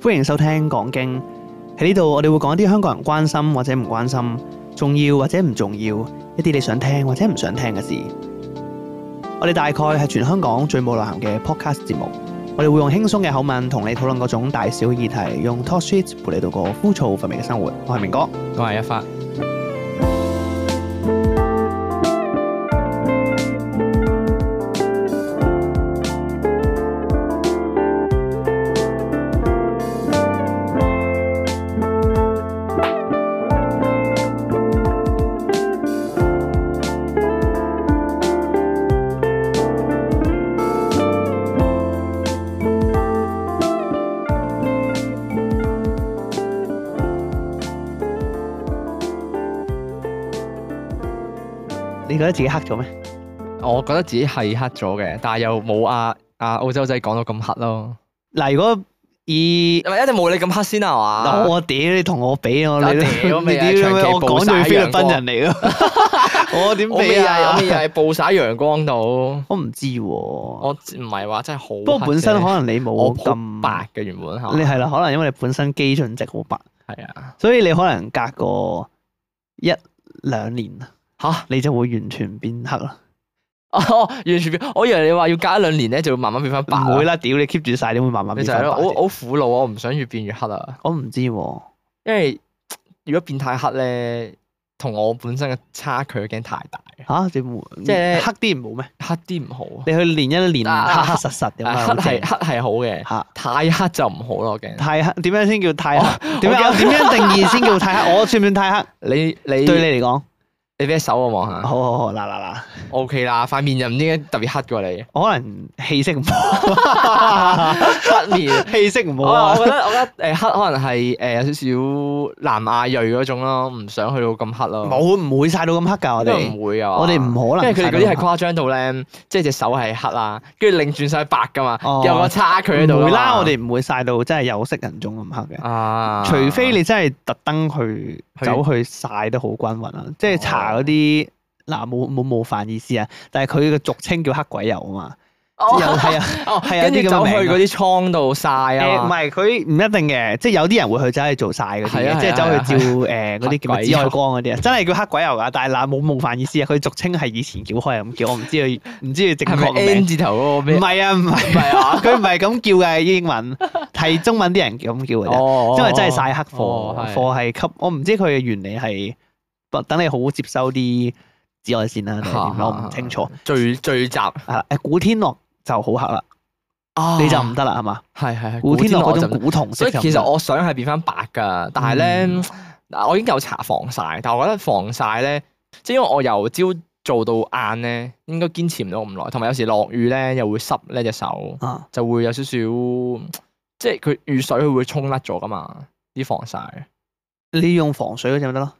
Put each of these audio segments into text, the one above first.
歡迎收聽講經。喺呢度，我哋會講一啲香港人關心或者唔關心、重要或者唔重要，一啲你想聽或者唔想聽嘅事。我哋大概係全香港最冇流行嘅 podcast 節目。我哋會用輕鬆嘅口吻同你討論各種大小嘅議題，用 talk shit 陪你度過枯燥乏味嘅生活。我係明哥，我係一發。自己黑咗咩？我覺得自己係黑咗嘅，但係又冇阿阿澳洲仔講到咁黑咯。嗱，如果依一定冇你咁黑先啊嘛？我屌你同我比我，你呢啲我講咗菲律賓人嚟噶，我點比啊？我咪係暴曬陽光度，我唔知喎。我唔係話真係好。不過本身可能你冇咁白嘅原本吓，你係啦，可能因為你本身基準值好白，係啊，所以你可能隔個一兩年吓，你就會完全變黑咯。哦，完全變，我以為你話要隔一兩年咧，就會慢慢變翻白。唔會啦，屌你 keep 住晒，點會慢慢變？其實好好苦惱，我唔想越變越黑啊。我唔知，因為如果變太黑咧，同我本身嘅差距驚太大。吓，點會，即係黑啲唔好咩？黑啲唔好，你去練一練，黑黑實實咁樣。黑係黑係好嘅，吓太黑就唔好咯。驚太黑，點樣先叫太黑？點樣點樣定義先叫太黑？我算唔算太黑？你你對你嚟講？你畀手我望下，好好好，好，嗱嗱嗱，O K 啦，塊面又唔知點解特別黑過、啊、你，我可能氣色唔好， 黑面臉 氣色唔好，我覺得我覺得誒黑可能係誒、呃、有少少南亞裔嗰種咯，唔想去到咁黑咯。冇，唔會晒到咁黑㗎，我哋唔會啊，我哋唔可能。因為佢哋嗰啲係誇張到咧，即係隻手係黑啦，跟住擰轉晒白㗎嘛，有個差距喺度。唔會啦，我哋唔會晒到真係有色人種咁黑嘅，啊、除非你真係特登去走去晒得好均勻啦，啊啊、即係有啲嗱，冇冇冒犯意思啊，但係佢嘅俗稱叫黑鬼油啊嘛，係啊，跟住就去嗰啲倉度曬啊。唔係佢唔一定嘅，即係有啲人會去走去做曬嗰啲，即係走去照誒嗰啲叫咩紫外光嗰啲啊，真係叫黑鬼油噶。但係嗱冇冒犯意思啊，佢俗稱係以前叫開咁叫，我唔知佢唔知佢正確名字頭嗰個咩？唔係啊，唔係啊，佢唔係咁叫嘅英文，係中文啲人咁叫嘅，啫。因為真係曬黑貨，貨係吸，我唔知佢嘅原理係。等你好，好接收啲紫外線啦、啊，點解 我唔清楚？聚 聚樂集，誒， 古天樂就好黑啦， 啊、你就唔得啦，係嘛？係 係樂古天樂嗰種古銅色。所以其實我想係變翻白噶，但係咧，嗯、我已經有搽防晒，但係我覺得防晒咧，即係因為我由朝做到晏咧，應該堅持唔到咁耐。同埋有時落雨咧，又會濕咧隻手，啊、就會有少少，即係佢雨水會沖甩咗噶嘛啲防晒。你用防水嗰隻咪得咯？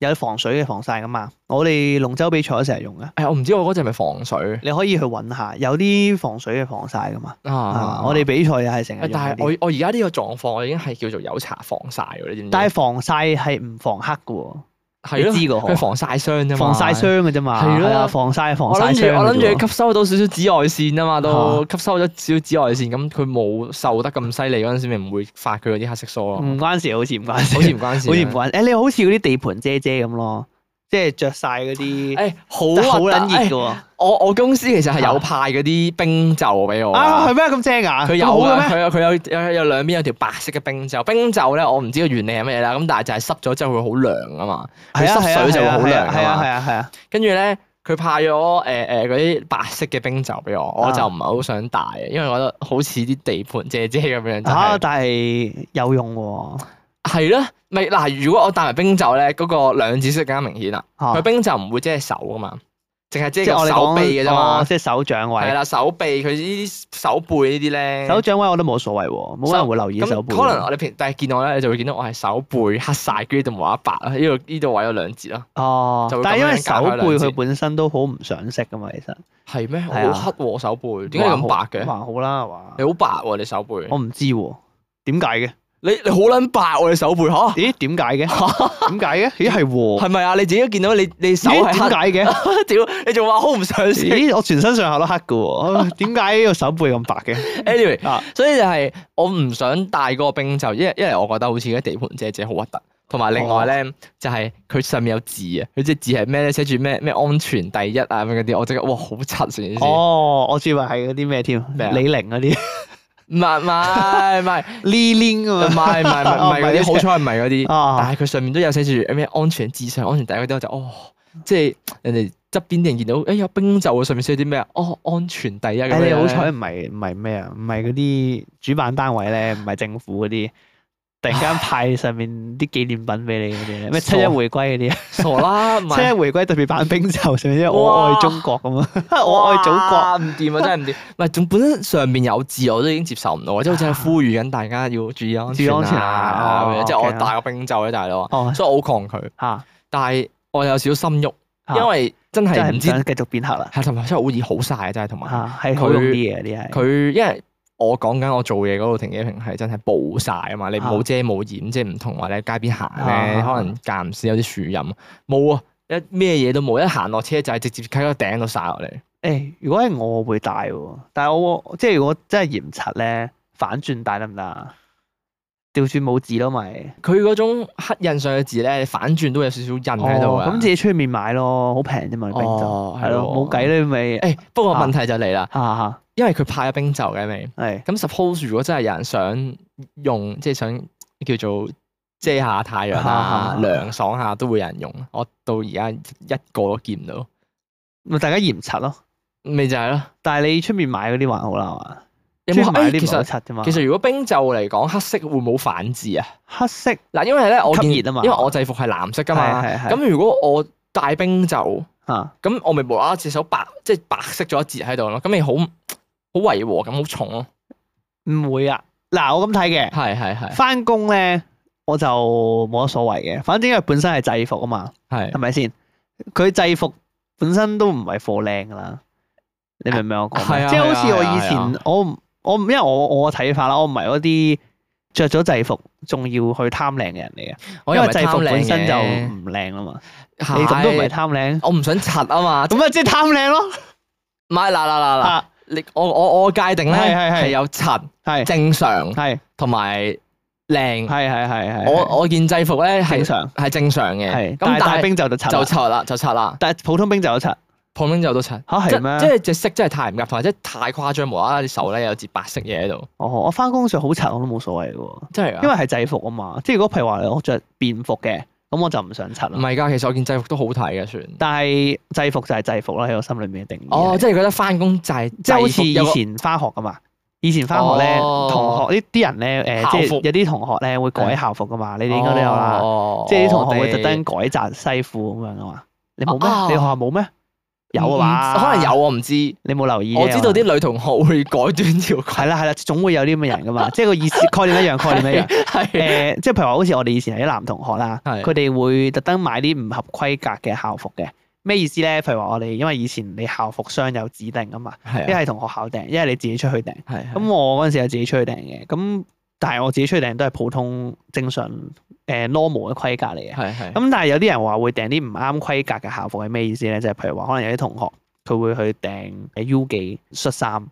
有防水嘅防曬噶嘛？我哋龍舟比賽都成日用嘅。誒、哎，我唔知我嗰隻係咪防水。你可以去揾下，有啲防水嘅防曬噶嘛。啊，我哋比賽又係成日。但係我我而家呢個狀況，我已經係叫做有搽防曬嘅，你知唔知？但係防曬係唔防黑噶。係咯，佢防曬霜啫，防曬霜嘅啫嘛。係咯，防曬防曬，我諗住我諗住吸收到少少紫外綫啊嘛，都吸收咗少少紫外綫。咁佢冇受得咁犀利嗰陣時，咪唔會發佢嗰啲黑色素咯。唔關事，好似唔關事， 好似唔關事，好誒、 欸，你好似嗰啲地盤遮遮咁咯。即係着晒嗰啲，誒好好撚熱嘅喎。我我公司其實係有派嗰啲冰袖俾我。啊係咩咁正啊？佢有嘅，佢、啊、有佢有有有，有，有兩邊有條白色嘅冰袖。冰袖咧，我唔知個原理係咩啦。咁但係就係濕咗之後會好涼啊嘛。佢濕水就會好涼啊係啊係啊係啊。跟住咧，佢派咗誒誒嗰啲白色嘅冰袖俾我，我就唔係好想戴，因為我覺得好似啲地盤姐姐咁樣。但係有用喎。係啦，咪嗱，如果我戴埋冰袖咧，嗰個兩紫色更加明顯啦。佢冰袖唔會遮係手㗎嘛，淨係遮我手臂嘅啫嘛，即手掌位係啦，手臂佢呢啲手背呢啲咧，手掌位我都冇所謂，冇可能會留意。手咁可能我哋平但係見我咧，你就會見到我係手背黑晒，跟住就冇一白啊，呢度呢度畫咗兩截啦。哦，但係因為手背佢本身都好唔上色噶嘛，其實係咩好黑喎手背？點解咁白嘅？還好啦，係嘛？你好白喎你手背？我唔知點解嘅。你你好撚白我你手背嚇？啊、咦？點解嘅？點解嘅？咦？係黃、啊？係咪啊？你自己都見到你你手點解嘅？屌，你仲話好唔上試？咦， 咦？我全身上下都黑嘅喎，點解呢個手背咁白嘅？Anyway，、啊、所以就係我唔想戴個冰袖，一一嚟我覺得好似啲地盤姐姐好核突，同埋另外咧、哦、就係佢上面有字啊，佢隻字係咩咧？寫住咩咩安全第一啊咁嗰啲，我即刻哇好柒先哦，我以為係嗰啲咩添？麼李寧嗰啲。 唔係，唔係呢啲，唔 係，唔係，唔係嗰啲，好彩，唔係嗰啲。 確但係佢上面都有寫住咩安全至上、安全第一嗰啲，就哦，即係人哋側邊啲人見到，哎、欸、呀，冰袖啊，上面寫啲咩啊，哦，安全第一咁樣。好彩唔係，唔係咩啊，唔係嗰啲主辦單位咧，唔係政府嗰啲。 突然間派上面啲紀念品俾你嗰啲咩七一回歸嗰啲傻啦，七一回歸特別版冰袖上面，我愛中國咁啊，我愛祖國唔掂啊，真係唔掂。唔係本身上面有字，我都已經接受唔到，即好似係呼籲緊大家要注意安全，即係我戴個冰袖咧，大佬，所以我好抗拒。嚇！但係我有少少心喐，因為真係唔知繼續變黑啦。係，同埋真係好易好晒，真係同埋佢好用啲嘢，啲係佢，因為。我講緊我做嘢嗰個停車坪係真係暴曬啊嘛，你冇遮冇掩，即係唔同話你喺街邊行咧，可能間唔時有啲樹蔭冇啊，一咩嘢都冇，一行落車就係直接喺個頂度曬落嚟。誒，如果係我，我會帶喎。但係我即係如果真係嫌柒咧，反轉帶得唔得？掉轉冇字咯，咪佢嗰種刻印上嘅字咧，反轉都有少少印喺度啊。咁自己出面買咯，好平啫嘛，冰州係咯，冇計咧咪。誒，不過問題就嚟啦。因為佢派咗冰袖嘅，未，係。咁 suppose 如果真係有人想用，即係想叫做遮下太陽啦，涼爽下，都會有人用。我到而家一個都見唔到，咪大家嫌柒咯，咪就係咯。但係你出面買嗰啲還好啦嘛，有冇？其實其實如果冰袖嚟講，黑色會冇反字啊？黑色嗱，因為咧我吸熱啊嘛，因為我制服係藍色噶嘛，咁如果我戴冰袖啊，咁我咪無啦啦隻手白，即係白色咗一截喺度咯，咁你好。好違和咁，好重咯，唔會啊！嗱，我咁睇嘅，係係係，翻工咧我就冇乜所謂嘅，反正因為本身係制服啊嘛，係係咪先？佢制服本身都唔係貨靚噶啦，你明唔明我講？即係好似我以前，我我唔因為我我嘅睇法啦，我唔係嗰啲着咗制服仲要去貪靚嘅人嚟嘅，我因為制服本身就唔靚啦嘛，你咁都唔係貪靚，我唔想柒啊嘛，咁咪即係貪靚咯，咪嗱嗱嗱嗱。你，我我我界定咧係有塵、正常、係同埋靚，係係係係我我件制服咧，係係正常嘅，但係大兵就就拆啦就拆啦，但係普通兵就有塵，普通兵就有塵嚇係咩？即係隻色真係太唔夾，或者太誇張，無啦啦隻手咧有截白色嘢喺度。哦，我翻工上好塵我都冇所謂嘅喎，真係因為係制服啊嘛。即係如果譬如話我着便服嘅。咁我就唔想襯啦。唔係㗎，其實我件制服都好睇嘅算。但係制服就係制服啦，喺我心裏面嘅定義。哦，即係覺得返工就係即係好似以前返學咁嘛，以前返學咧，哦、同學呢啲人咧，誒服、呃，即係有啲同學咧會改校服噶嘛？對你哋應該都有啦。哦、即係啲同學會特登改窄西褲咁樣啊嘛？哦、你冇咩？哦、你學校冇咩？哦有啊，可能有，我唔知，你冇留意。我知道啲女同學會改短條裙。 係啦係啦，總會有啲咁嘅人噶嘛。 即係個意思概念一樣，概念一樣。係誒 是、呃，即係譬如話，好似我哋以前係啲男同學啦，佢哋是會特登買啲唔合規格嘅校服嘅。咩意思呢？譬如話，我哋因為以前你校服商有指定啊嘛，一係同學校訂，一係你自己出去訂。係的。咁我嗰陣時就自己出去訂嘅。咁的。的但係我自己出去訂都係普通正常誒 normal 嘅規格嚟嘅，咁是是 但係有啲人話會訂啲唔啱規格嘅校服係咩意思咧？就係、是、譬如話可能有啲同學佢會去訂 U 記恤衫，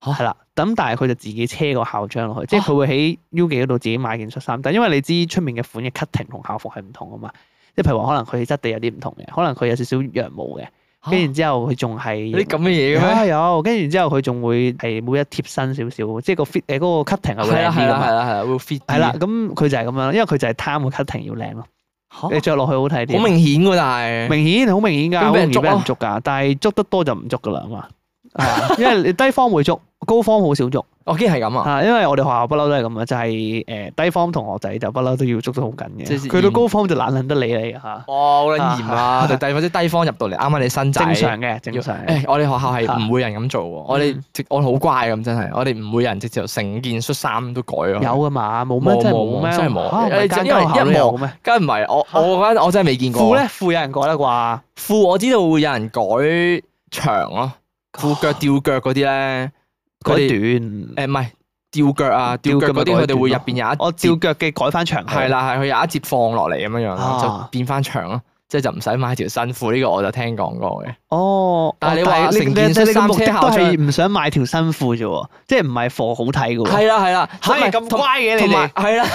係啦、啊，咁但係佢就自己車個校章落去，即係佢會喺 U 記嗰度自己買件恤衫，但係因為你知出面嘅款嘅 cutting 同校服係唔同啊嘛，即係譬如話可能佢嘅質地有啲唔同嘅，可能佢有少少羊毛嘅。跟然之後，佢仲係啲咁嘅嘢嘅咩？有，跟然之後佢仲會係每一貼身少少，即係個 fit 誒嗰個 cutting 係會靚啲㗎啦，係啦，係啦，會 fit。係 啦，咁佢就係咁樣因為佢就係貪個 cutting 要靚咯。 你着落去好睇啲。好明顯㗎，但係明顯好明顯㗎，會唔會俾人捉㗎？捉啊，但係捉得多就唔捉㗎啦嘛。 係啊，因為低方會捉，高方好少捉。我見係咁啊，係因為我哋學校不嬲都係咁啊，就係誒低方同學仔就不嬲都要捉得好緊嘅。佢到高方就懶懶得理你噶吓。哦，好撚嚴啊！第或者低方入到嚟，啱啱你身正常嘅正常。誒，我哋學校係唔會人咁做喎，我哋直我好乖咁，真係我哋唔會人直接成件恤衫都改咯。有噶嘛？冇咩真係冇真係冇咩。因為一望咩？梗係唔係，我我我真係未見過。褲咧褲有人改得啩？褲我知道會有人改長咯。褲腳吊腳嗰啲咧，佢噢們短誒，唔係、呃、吊腳啊，吊腳嗰啲佢哋會入邊有一節，我吊腳嘅改翻長係啦，係佢有一節放落嚟咁樣樣，啊、就變翻長咯。即係就唔使買條新褲，呢、這個我就聽講過嘅。哦，但係你話成件目的下來唔想買條新褲啫？喎、哦，即係唔係貨好睇嘅？喎係啦係啦，吓咁的乖嘅和你哋係啦，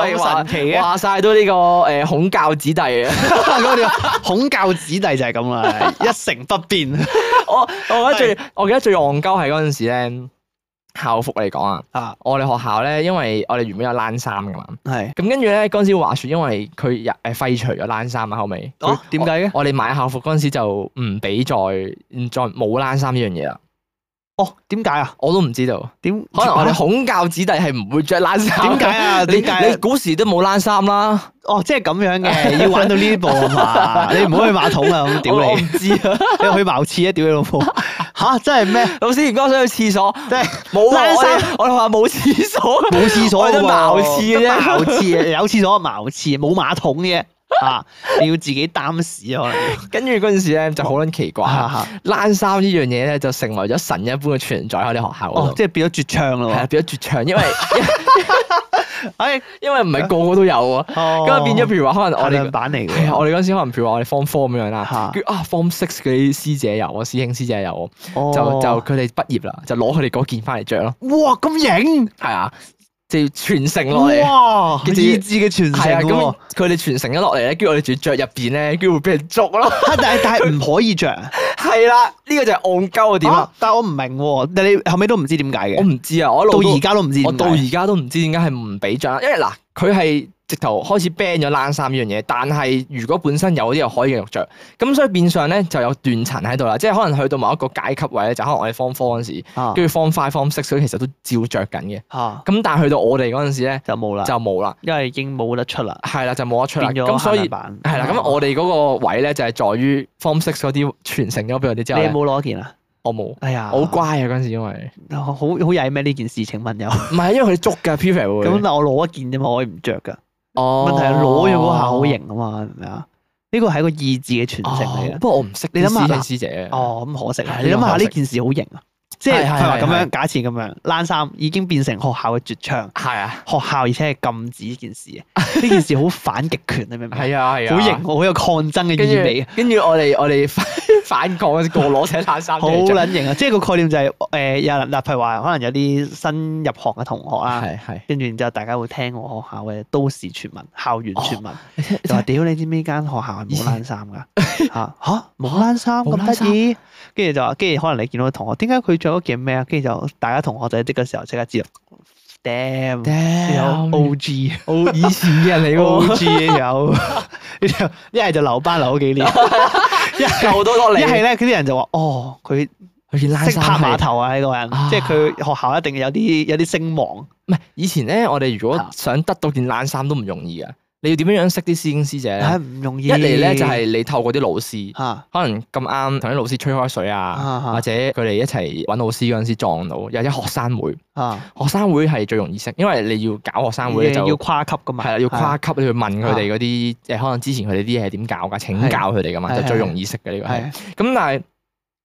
哎呀，哇神奇啊，話晒都呢個誒孔教子弟啊，孔教子弟， 教子弟就係咁啦，一成不變。 我我覺得最我記得最戇鳩係嗰陣時咧。校服嚟講啊，我哋學校咧，因為我哋原本有冷衫噶嘛，咁是跟住咧，嗰陣時話説，因為佢誒廢除咗冷衫啊，後尾點解嘅？我哋買校服嗰陣時就唔俾再，唔再冇冷衫呢樣嘢啦。哦，點解啊？我都唔知道。點可能我哋孔教子弟係唔會着冷衫？點解啊？點解你古時都冇冷衫啦。哦，即係咁樣嘅，要玩到呢一步啊嘛。你唔好去馬桶啊，咁屌你。知啊，你去茅廁啊，屌你老婆！吓，真係咩？老師，如果，想去廁所。即係冇冷衫。我哋話冇廁所。冇廁所，都茅廁啫。茅廁啊，有廁所茅廁，冇馬桶嘅。啊！你要自己擔屎可能， 跟住嗰陣時咧就好撚奇怪。爛、哦啊啊、衫呢樣嘢咧就成為咗神一般嘅存在喺我哋學校,學校、哦、即係變咗絕唱咯。係變咗絕唱，因為，哎， 因為唔係個個都有、哦、啊。咁啊變咗，譬如話可能我哋版嚟嘅，我哋嗰陣時可能譬如話我哋 form four 咁樣啦，叫啊 form six 嗰啲師姐有我師兄師姐有，哦、就就佢哋畢業啦，就攞佢哋嗰件翻嚟着咯。哇，咁型係啊！要傳承落嚟，哇著意志嘅傳承咁、啊，佢哋傳承咗落嚟咧，跟住我哋仲要着入邊咧，跟住會俾人捉咯。但係但係唔可以着，係啦，呢個就係戇鳩嘅點啊！但係我唔明喎，你後尾都唔知點解嘅。我唔知啊，我一路到而家都唔知。我到而家都唔知點解係唔俾着。因為嗱。佢係直頭開始 ban 咗冷衫呢樣嘢，但係如果本身有啲，又可以繼續著。咁所以變相咧就有斷層喺度啦，即係可能去到某一個階級位咧，就可能我哋 form four 嗰時，跟住 form five、form six 嗰啲其實都照着緊嘅。咁但係去到我哋嗰陣時咧，就冇啦，就冇啦，因為已經冇得出啦。係啦，就冇得出啦。咁所以係啦，咁我哋嗰個位咧就係在於 form six 嗰啲傳承咗俾我哋之後。你有冇攞件啊？我冇，係啊，好乖啊！嗰時因為好好曳咩呢件事情，請問有，唔係因為佢捉噶 Pepa。咁嗱，我攞一件啫嘛，我唔着噶。哦。問題係攞咗下好型啊嘛？係咪啊？呢個係一個意志嘅傳承嚟嘅。不過我唔識。你諗下師姐。哦，咁可惜。你諗下呢件事好型啊！即係佢話咁樣，假設咁樣，爛衫已經變成學校嘅絕唱。係啊。學校而且係禁止呢件事啊！呢件事好反極權，你明唔明？係啊係啊。好型，好有抗爭嘅意味。跟住，跟住我哋我哋。反抗啊！過攞扯爛衫，好撚型啊！即係個概念就係誒，又嗱譬如話，可能有啲新入學嘅同學啦，係係，跟住然之後大家會聽我學校嘅都市傳聞、校園傳聞，就話屌你知唔知間學校係冇爛衫㗎嚇冇爛衫咁得意，跟住就話，跟住可能你見到同學，點解佢着咗件咩啊？跟住就大家同學仔呢個時候即刻接啦，Damn！有 OG 以前嘅人嚟個 OG 有，一係就留班留咗幾年。一救到落嚟，一係咧佢啲人就話：哦，佢佢件冷衫，識拍碼頭啊！呢、這個人，啊、即係佢學校一定有啲有啲聲望。唔係以前咧，我哋如果想得到件冷衫都唔容易啊。你要點樣樣識啲師兄師姐咧？唔容易。一嚟咧就係你透過啲老師，可能咁啱同啲老師吹開水啊，或者佢哋一齊搵老師嗰陣時撞到，又或者學生會。啊！學生會係最容易識，因為你要搞學生會，要跨級噶嘛。係啦，要跨級去問佢哋嗰啲，即係可能之前佢哋啲嘢係點搞噶？請教佢哋噶嘛，就最容易識嘅呢個係。咁但係，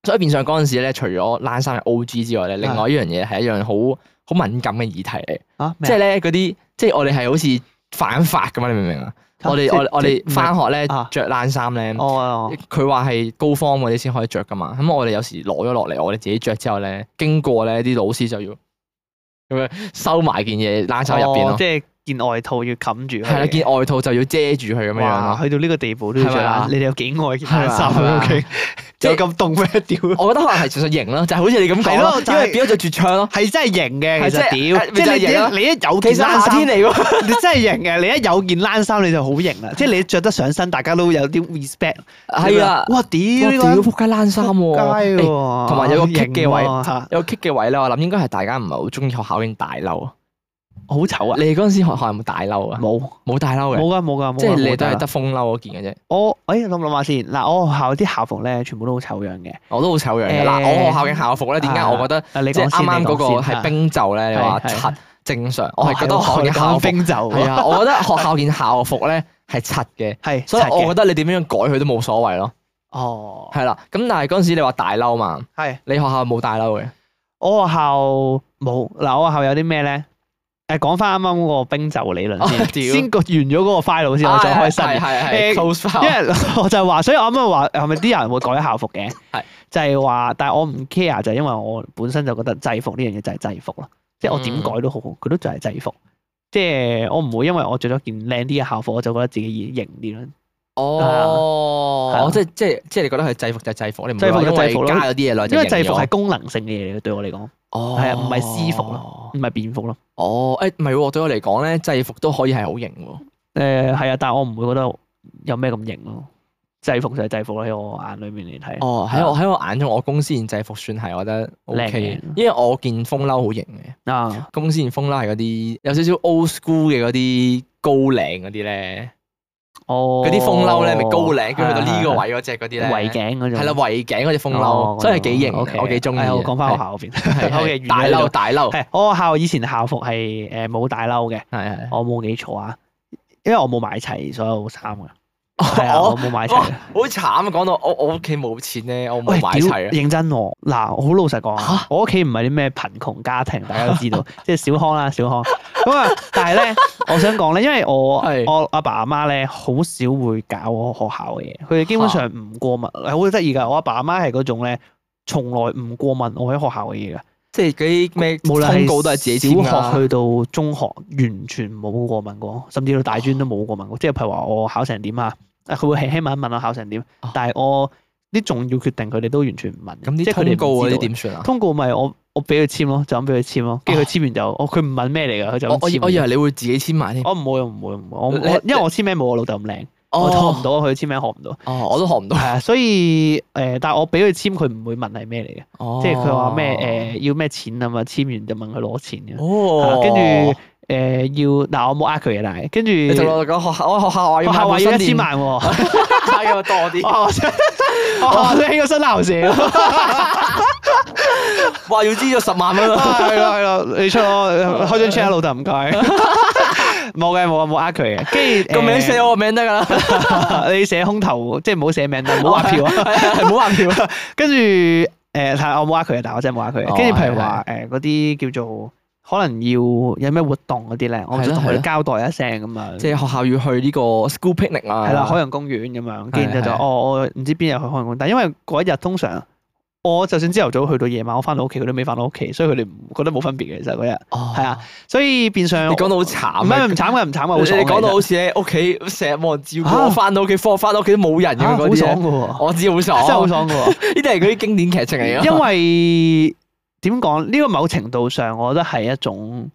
所以變相嗰陣時咧，除咗冷衫係 OG 之外咧，另外一樣嘢係一樣好好敏感嘅議題嚟。即係咧嗰啲，即係我哋係好似。犯法噶嘛？你明唔明啊？我哋我我哋返學咧着冷衫咧，佢話係高方嗰啲先可以着噶嘛。咁我哋有時攞咗落嚟，我哋自己着之後咧，經過咧啲老師就要咁樣收埋件嘢冷衫入邊咯。件外套要冚住，係啦，件外套就要遮住佢咁樣樣。去到呢個地步，你哋有幾愛衫？OK，即係咁凍咩？屌！我覺得可能係純粹型咯，就係好似你咁講咯。因為變咗做絕唱咯，係真係型嘅。其實屌，即係你一有件冷衫嚟，你真係型嘅。你一有件冷衫，你就好型啦。即係你着得上身，大家都有啲 respect。係啊，哇屌！呢屌撲街冷衫喎，撲街同埋有個 cut 嘅位，有 cut 嘅位咧。我諗應該係大家唔係好中意校件大褸。好醜啊！你嗰陣時學校有冇大褸啊？冇，冇大褸嘅。冇噶，冇噶，即係你都係得風褸嗰件嘅啫。我，誒諗諗下先。嗱，我學校啲校服咧，全部都好醜樣嘅，我都好醜樣嘅。嗱，我學校嘅校服咧，點解我覺得你係啱啱嗰個係冰袖咧？你話七正常，我係覺得學校嘅校冰袖。係啊，我覺得學校件校服咧係七嘅。係，所以我覺得你點樣改佢都冇所謂咯。哦，係啦。咁但係嗰陣時你話大褸嘛？係。你學校冇大褸嘅？我學校冇。嗱，我學校有啲咩咧？誒，講翻啱啱嗰個冰袖理論 先，先，先完咗嗰個 file 先，我再開心。嘅、 啊。因為我就話，所以我啱啱話係咪啲人會改校服嘅？係 是就係話，但係我唔 care，就係、因為我本身就覺得制服呢樣嘢就係制服咯，即係我點改都好，好，佢都就係制服。 即係我唔、嗯、會，因為我着咗件靚啲嘅校服，我就覺得自己型啲咯。哦，是即係即係即係，你覺得係制服就係制服，制服制服你唔加有啲嘢因為制服係功能性嘅嘢，對我嚟講。哦，係啊，唔係私服咯，唔係便服咯。哦，誒，唔係，對我嚟講咧，制服都可以係好型喎。誒、呃，係啊，但係我唔會覺得有咩咁型咯。制服就係制服咯，喺我眼裏面嚟睇。哦，喺我喺我眼中，我公司件制服算係我覺得 OK 嘅亮，因為我見風褸好型嘅。啊，公司件風褸係嗰啲有少少 old school 嘅嗰啲高領嗰啲咧。哦，嗰啲風褸咧咪高領，跟住去到呢個位嗰隻嗰啲咧，圍頸嗰種，係啦，圍頸嗰隻風褸，真係幾型嘅，我幾中意。我講返學校嗰邊，OK，大褸，大褸。係我學校以前校服係誒冇大褸嘅，係係的，我冇記錯啊，因為我冇買齊所有衫㗎。係啊，我冇買齊。好慘啊！講到我我屋企冇錢咧，我冇買齊。認真我嗱，我好老實講啊，我屋企唔係啲咩貧窮家庭，大家都知道，即係小康啦，小康。咁啊，但係咧，我想講咧，因為我我阿爸阿媽咧，好少會搞我學校嘅嘢，佢哋基本上唔過問。好得意噶，我阿爸阿媽係嗰種咧，從來唔過問我喺學校嘅嘢噶，即係嗰啲咩，通告都係自己簽，無論係小學去到中學，完全冇過問過，甚至到大專都冇過問過，即係譬如話我考成點啊？佢會輕輕問一問我考成點，但係我啲重要決定佢哋都完全唔問，即係佢哋通告啲點算啊？通告咪我我俾佢簽咯，就咁俾佢簽咯，跟住佢簽完就我佢唔問咩嚟㗎，佢就我以為你會自己簽埋添，我唔會唔會唔會，我因為我簽名冇我老豆咁靚，我學唔到佢簽名學唔到，我都學唔到，啊，所以誒，但係我俾佢簽，佢唔會問係咩嚟嘅，即係佢話咩誒要咩錢啊嘛，簽完就問佢攞錢嘅，跟住。誒，要嗱我冇呃佢嘅，但係跟住就落學校，我學校話要，學校話要一千萬，差咗多啲。我真係，哇，真個新牛市咯。要知咗十萬蚊係啦係啦，你出我開張 check 老豆，唔該。冇嘅，冇啊，冇呃佢嘅，跟住個名寫我個名得噶啦。你寫空頭，即係唔好寫名，唔好畫票啊，唔好畫票。跟住誒，但係我冇呃佢嘅，但係我真係冇呃佢嘅。跟住譬如話誒，嗰啲叫做。可能要有咩活動嗰啲咧，我都要同佢交代一聲咁樣。即係學校要去呢個 school picnic 啊，係啦，海洋公園咁樣。跟住就哦，唔知邊日去海洋公園。但係因為嗰一日通常，我就算朝頭早去到夜晚，我翻到屋企佢都未翻到屋企，所以佢哋覺得冇分別嘅。其實嗰日係啊，所以變相你講到好慘，唔係唔慘唔慘嘅，好似你講到好似喺屋企成日望照顧，翻到屋企放 o 翻到屋企都冇人嘅嗰啲，好爽嘅喎。我知好爽，真係好爽嘅喎。呢啲係嗰啲經典劇情嚟嘅。因為。點講呢個某程度上，我覺得係一種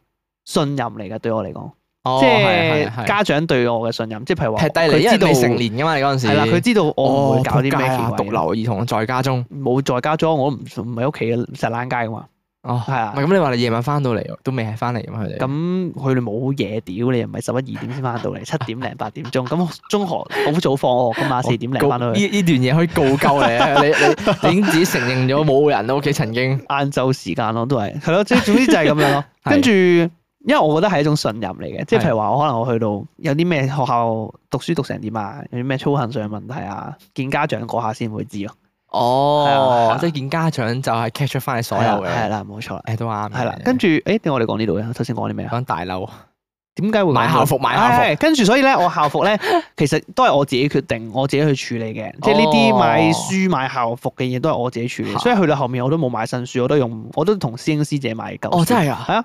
信任嚟噶，對我嚟講，哦、即係是家長對我嘅信任。即係譬如話，你知道你成年噶嘛，你嗰陣時係啦，佢知道我唔、哦、會搞啲咩嘢，獨留兒童在家中。冇在家中，我唔唔喺屋企嘅石欄街噶嘛。哦，係啊。咁，你話你夜晚翻到嚟，都未係翻嚟啊，佢哋咁，佢哋冇嘢屌你，又唔係十一二點先翻到嚟，七 點零八點鐘。咁中學好早放學噶嘛，四 點零翻到去。呢段嘢可以告鳩你啊！ 你你已經自己承認咗冇人咯，屋企曾經晏晝時間咯，都係。係咯，即係總之就係咁樣咯。 是跟住，因為我覺得係一種信任嚟嘅，即係譬如話，我可能我去到有啲咩學校讀書讀成點啊，有啲咩操行上問題啊，見家長嗰下先會知咯。哦，即係見家長就係 catch 出翻佢所有嘅，係啦，冇錯，誒都啱。係啦，跟住誒，等我哋講呢度先，頭先講啲咩啊？講大褸，點解會買校服？買校服，跟住所以咧，我校服咧其實都係我自己決定，我自己去處理嘅。即係呢啲買書、買校服嘅嘢都係我自己處理。所以去到後面我都冇買新書，我都用，我都同師兄師姐買舊。哦，真係啊，係啊，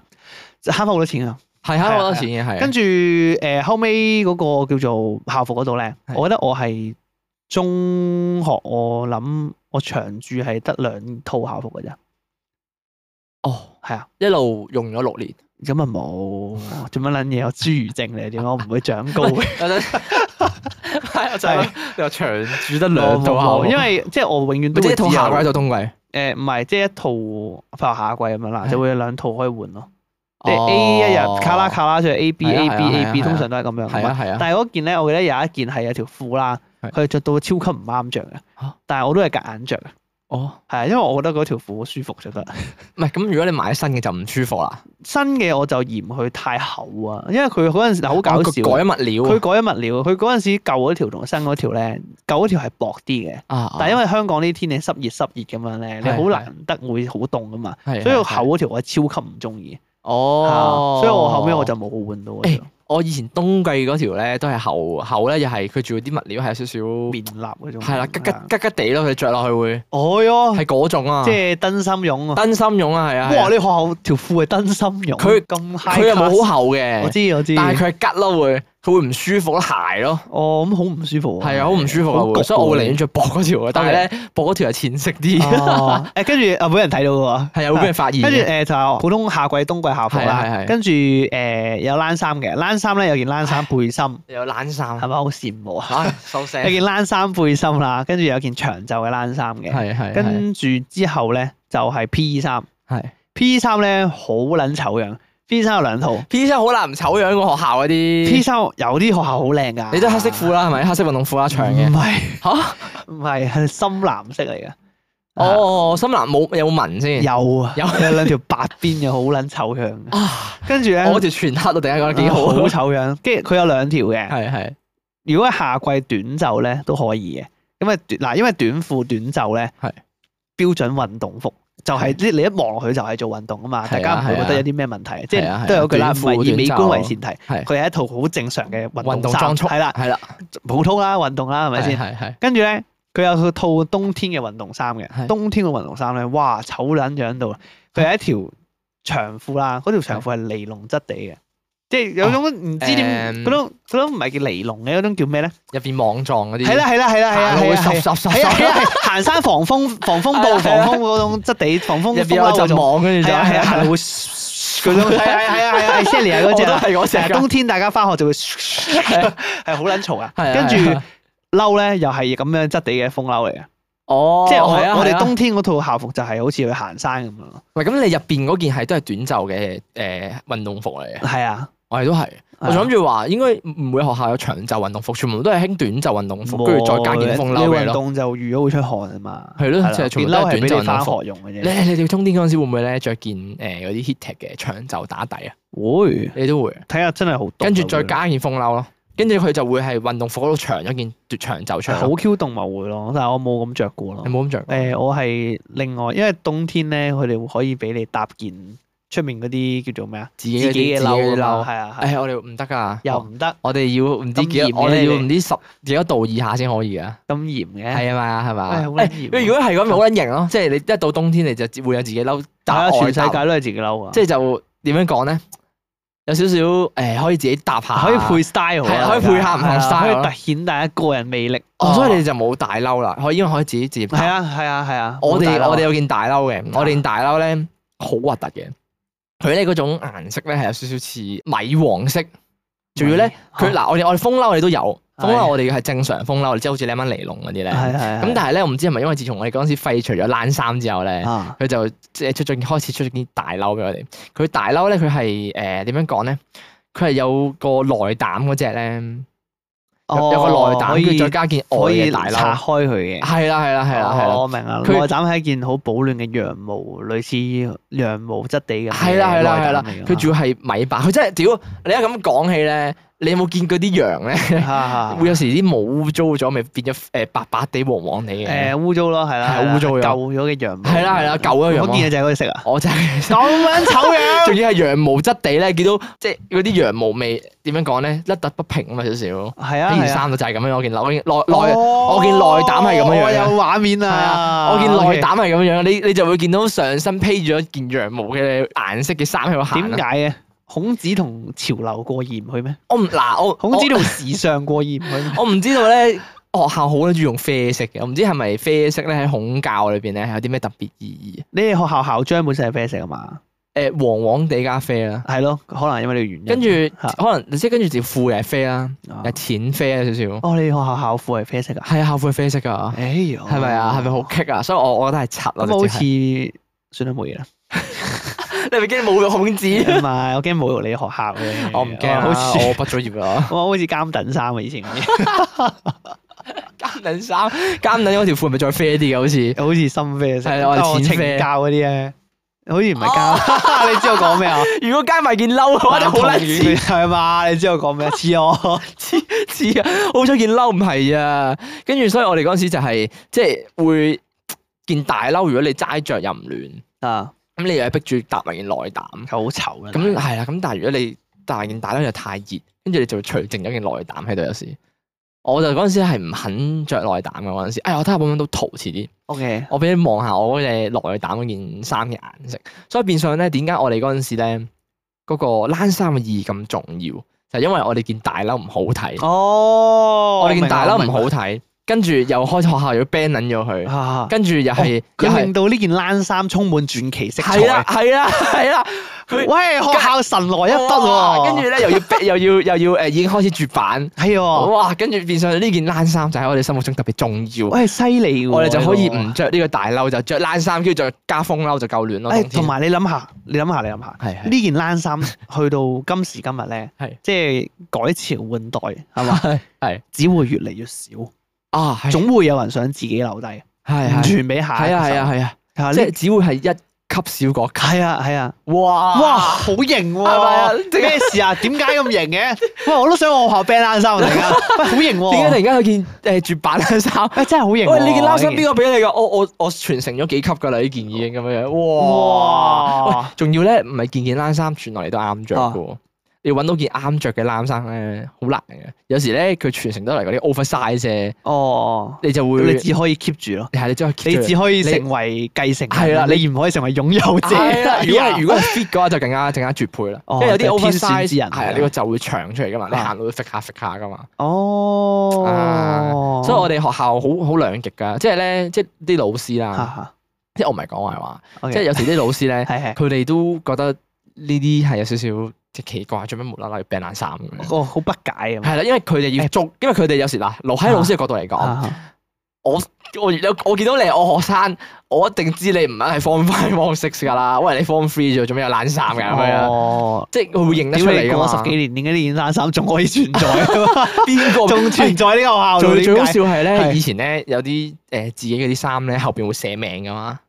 慳翻好多錢啊，係慳翻好多錢嘅。係跟住誒，後尾嗰個叫做校服嗰度咧，我覺得我係。中學我諗我長住係得兩套校服嘅啫，哦，係啊，一路用咗六年，咁啊冇做乜捻嘢，有侏儒症你點我唔會長高嘅。係我就係又長住得兩套，因為即係我永遠都一套夏季一套冬季，誒唔係即係一套譬如夏季咁樣啦，就會有兩套可以換咯，即係 A 一日卡啦卡啦即係 A B A B A B，通常都係咁樣，係啊係啊，但係嗰件咧，我記得有一件係有條褲啦。佢着到超級唔啱着嘅，但係我都係夾硬着嘅。哦，係啊，因為我覺得嗰條褲好舒服就得。唔係咁，如果你買新嘅就唔舒服啦。新嘅我就嫌佢太厚啊，因為佢嗰陣時好搞笑，啊，改物料啊、改物料。佢改物料，佢嗰陣時舊條同新嗰條咧，舊嗰條係薄啲嘅。啊啊，但係因為香港呢啲天氣濕熱濕熱咁樣咧，你好的難得會好凍㗎嘛。的所以厚嗰條我超級唔中意。哦，所以我後尾我就冇換到。欸我以前冬季嗰條咧，都係厚厚咧，又係佢著嗰啲物料係有少少棉立嗰種，係啦，吉吉吉吉地咯，佢着落去會，哦呦，係嗰種啊，即係燈芯絨啊，燈芯絨啊，係啊，哇！你學校條褲係燈芯絨，佢咁佢又冇好厚嘅，我知我知，但係佢係吉咯會。佢會唔舒服咯，鞋咯。哦，咁好唔舒服啊。係啊，好唔舒服啊，焗。所以我會寧願著薄嗰條啊，但係咧薄嗰條係淺色啲。哦。誒，跟住啊，會俾人睇到喎。係啊，會俾人發現。跟住誒，就普通夏季、冬季校服啦。係係。跟住誒，有冷衫嘅，冷衫咧有件冷衫背心。有冷衫。係咪好羨慕啊？收聲。一件冷衫背心啦，跟住有件長袖嘅冷衫嘅。係係。跟住之後咧，就係 P.E. 衫。係。P.E. 衫咧，好撚醜樣。P 衫有兩套，P 衫好難唔醜樣，個學校嗰啲。P 衫有啲學校好靚噶，你都黑色褲啦，係咪？黑色運動褲啦，長嘅。唔係，吓唔係，係深藍色嚟噶。哦，深藍冇有紋先？有啊，有有兩條白邊嘅，好撚醜樣。啊，跟住咧，我條全黑到第一覺得幾好，好醜樣。跟住佢有兩條嘅，係係。如果夏季短袖咧都可以嘅，咁啊，嗱，因為短褲短袖咧係標準運動服。就係啲你一望落去就係做運動啊嘛，大家唔會覺得有啲咩問題，即係都有句男以美觀為前提，佢係一套好正常嘅運動裝束，係啦係啦，普通啦運動啦係咪先？跟住咧，佢有套冬天嘅運動衫嘅，冬天嘅運動衫咧，哇醜撚樣到，佢係一條長褲啦，嗰條長褲係尼龍質地嘅。即係有種唔知點嗰種種唔係叫尼龍嘅嗰種叫咩咧？入邊網狀嗰啲係啦係啦係啦係啊係啊，係啊，行山防風防風布防風嗰種質地防風，風褸就係係啊會嗰種係啊係啊係啊係啊，Sally 啊嗰隻冬天大家翻學就會係好撚嘈啊，跟住褸咧又係咁樣質地嘅風褸嚟嘅哦，即係我哋冬天嗰套校服就係好似去行山咁樣咯喂，咁你入邊嗰件係都係短袖嘅誒運動服嚟嘅係啊。pla g idays again 我哋都係，我諗住話應該唔會學校有長袖運動服，全部都係興短袖運動服，跟住沒再加件風褸嘅咯。你運動就預咗會出汗啊嘛。係咯了，即係短袖打返學用嘅啫。你哋冬天嗰陣時會唔會咧着件誒嗰啲 heattech 嘅長袖打底啊？會喂，你都會。睇下真係好，跟住再加件風褸咯。跟住佢就會係運動服嗰度長一件長袖出嚟。好 Q 凍咪會咯，但係我冇咁着過咯。你冇咁着？誒、呃，我係另外，因為冬天咧，佢哋會可以俾你搭件。出面嗰啲叫做咩啊？自己嘅褸，係啊，哎，我哋唔得噶，又唔得，我哋要唔知幾，我哋要唔知十幾度以下先可以啊。咁嚴嘅，係啊嘛，係嘛。誒，如果係咁，冇得型咯。即係你一到冬天你就會有自己褸，大家全世界都係自己褸啊。即係就點樣講咧？有少少誒，可以自己搭下，可以配 style，可以配合唔同 style，可以突顯大家個人魅力。哦，所以你就冇大褸啦，可以因為可以自己直接。係啊，係啊，係啊。我哋我哋有件大褸嘅，我哋件大褸咧好核突嘅。佢咧嗰種顏色咧係有少少似米黃色，仲要咧佢，嗱，我哋我哋風褸，我哋都有風褸，我哋係正常風褸，我哋即係好似你啱啱尼龍嗰啲咧，咁但係咧我唔知係咪因為自從我哋嗰陣時廢除咗冷衫之後咧，佢就即係出咗件開始出咗件大褸俾我哋，佢大褸咧佢係誒點樣講咧？佢係有個內膽嗰隻咧。有個內膽、哦、可以再加件外可以拆開佢嘅，係啦係啦係啦，我明啦。佢內膽係一件好保暖嘅羊毛，類似羊毛質地嘅，係啦係啦係啦。佢仲要係米白，佢真係屌！你一咁講起咧～你有冇見過啲羊咧？會有時啲毛污糟咗，咪變咗誒白白地黃黃地嘅。誒污糟咯，係啦，污糟舊咗嘅羊毛。係啦係啦，舊咗羊毛。我見嘅就係嗰隻色啊！我真係咁樣醜樣。仲要係羊毛質地咧，見到即係嗰啲羊毛味點樣講咧，凹凸不平啊嘛，少少。係啊，呢件衫就係咁樣。我件內內，我件內膽係咁樣。我有畫面啊！我件內膽係咁樣，你你就會見到上身披住一件羊毛嘅顏色嘅衫喺度行。點解嘅？孔子同潮流過意唔去咩？我唔嗱，我孔子同時尚過意唔去咩。我唔知道咧，學校好咧，中意用啡色嘅。我唔知係咪啡色咧喺孔教裏邊咧，有啲咩特別意義？你哋學校校章本身係啡色啊嘛？誒，黃黃地加啡啦，係咯，可能因為呢個原因。跟住可能即係跟住條褲又係啡啦，又淺啡啊，少少。哦，你學校校褲係啡色噶？係啊，校褲係啡色噶。誒，係咪啊？係咪好棘啊？所以我我覺得係七啦。咁好似算得冇嘢啦。你咪驚侮辱孔子？唔係，我驚侮辱你學校嘅。我唔驚、啊，好似我畢咗業啦。我好似監躉衫啊，以前監 躉衫，監躉嗰條褲咪再啡啲嘅，好似好似深啡色，係啊，淺啡膠嗰啲咧，好似唔係膠。你知我講咩啊？如果加埋件褸嘅話就好甩，係嘛？你知我講咩？似我似似啊，好彩件褸唔係啊。跟住所以我哋嗰時就係即係會件大褸，如果你齋着又唔暖啊。咁你，你又逼住搭埋件內膽，佢好醜嘅。咁係啦，咁但係如果你搭件大褸又太熱，跟住你就除剩咗件內膽喺度。有時，我就嗰陣時係唔肯着內膽嘅嗰陣時，哎，我睇下本本都陶瓷啲。OK，我俾你望下我嗰隻內膽嗰件衫嘅顏色。所以變相咧，點解我哋嗰陣時咧嗰個冷衫嘅意義咁重要？就係、因為我哋件大褸唔好睇。哦，我哋件大褸唔好睇。跟住又開學校，要 ban 撚咗佢。跟住又係佢令到呢件冷衫充滿傳奇色彩。係啊，係啊，佢喂，學校神來一筆喎。跟住咧，又要又要又要誒，已經開始絕版。係喎，哇！跟住變相呢件冷衫就喺我哋心目中特別重要。喂，犀利喎。我哋就可以唔着呢個大褸，就着冷衫，跟住再加風褸就夠暖咯。同埋你諗下，你諗下，你諗下，係呢件冷衫去到今時今日咧，係即係改朝換代係嘛？係，只會越嚟越少。啊，總會有人想自己留低，係完全俾下係啊係啊係啊，即係只會係一級小國家。係啊係啊，哇哇好型喎，咩事啊？點解咁型嘅？喂，我都想我學校 a n 衫嚟噶，好型喎。點解突然間佢件誒絕版衫？真係好型。喂，呢件衫邊個俾你噶？我我我傳承咗幾級噶啦？呢件已衣咁樣，哇哇，仲要咧唔係件件衫傳落嚟都啱着。要揾到件啱着嘅冷衫咧，好難嘅。有時咧，佢傳承得嚟嗰啲 oversize 啫。哦，你就會你只可以 keep 住咯。係，你只可以你只可以成為繼承，係啦，你唔可以成為擁有者。係啊，如果係如果係 fit 嘅話，就更加更加絕配啦。因為有啲 oversize 人係啊，呢個就會長出嚟噶嘛，你行路揈下揈下噶嘛。哦，所以我哋學校好好兩極噶，即係咧，即係啲老師啦，即係我唔係講壞話，即係有時啲老師咧，佢哋都覺得呢啲係有少少。即奇怪，做咩無啦啦要病爛衫咁樣？哦，好不解啊！係啦，因為佢哋要做，欸、因為佢哋有時嗱，留喺、欸、老師嘅角度嚟講、啊啊，我我我見到你我學生，我一定知你唔係 form five、form six 噶啦，喂，你 form three 咋，做咩有爛衫嘅？哦，啊、即係佢會認得出嚟啊！十幾年點解啲爛衫仲可以存在？邊個仲存在呢個學校？最 最好笑係咧，以前咧有啲誒、呃、自己嗰啲衫咧，後邊會寫名噶嘛，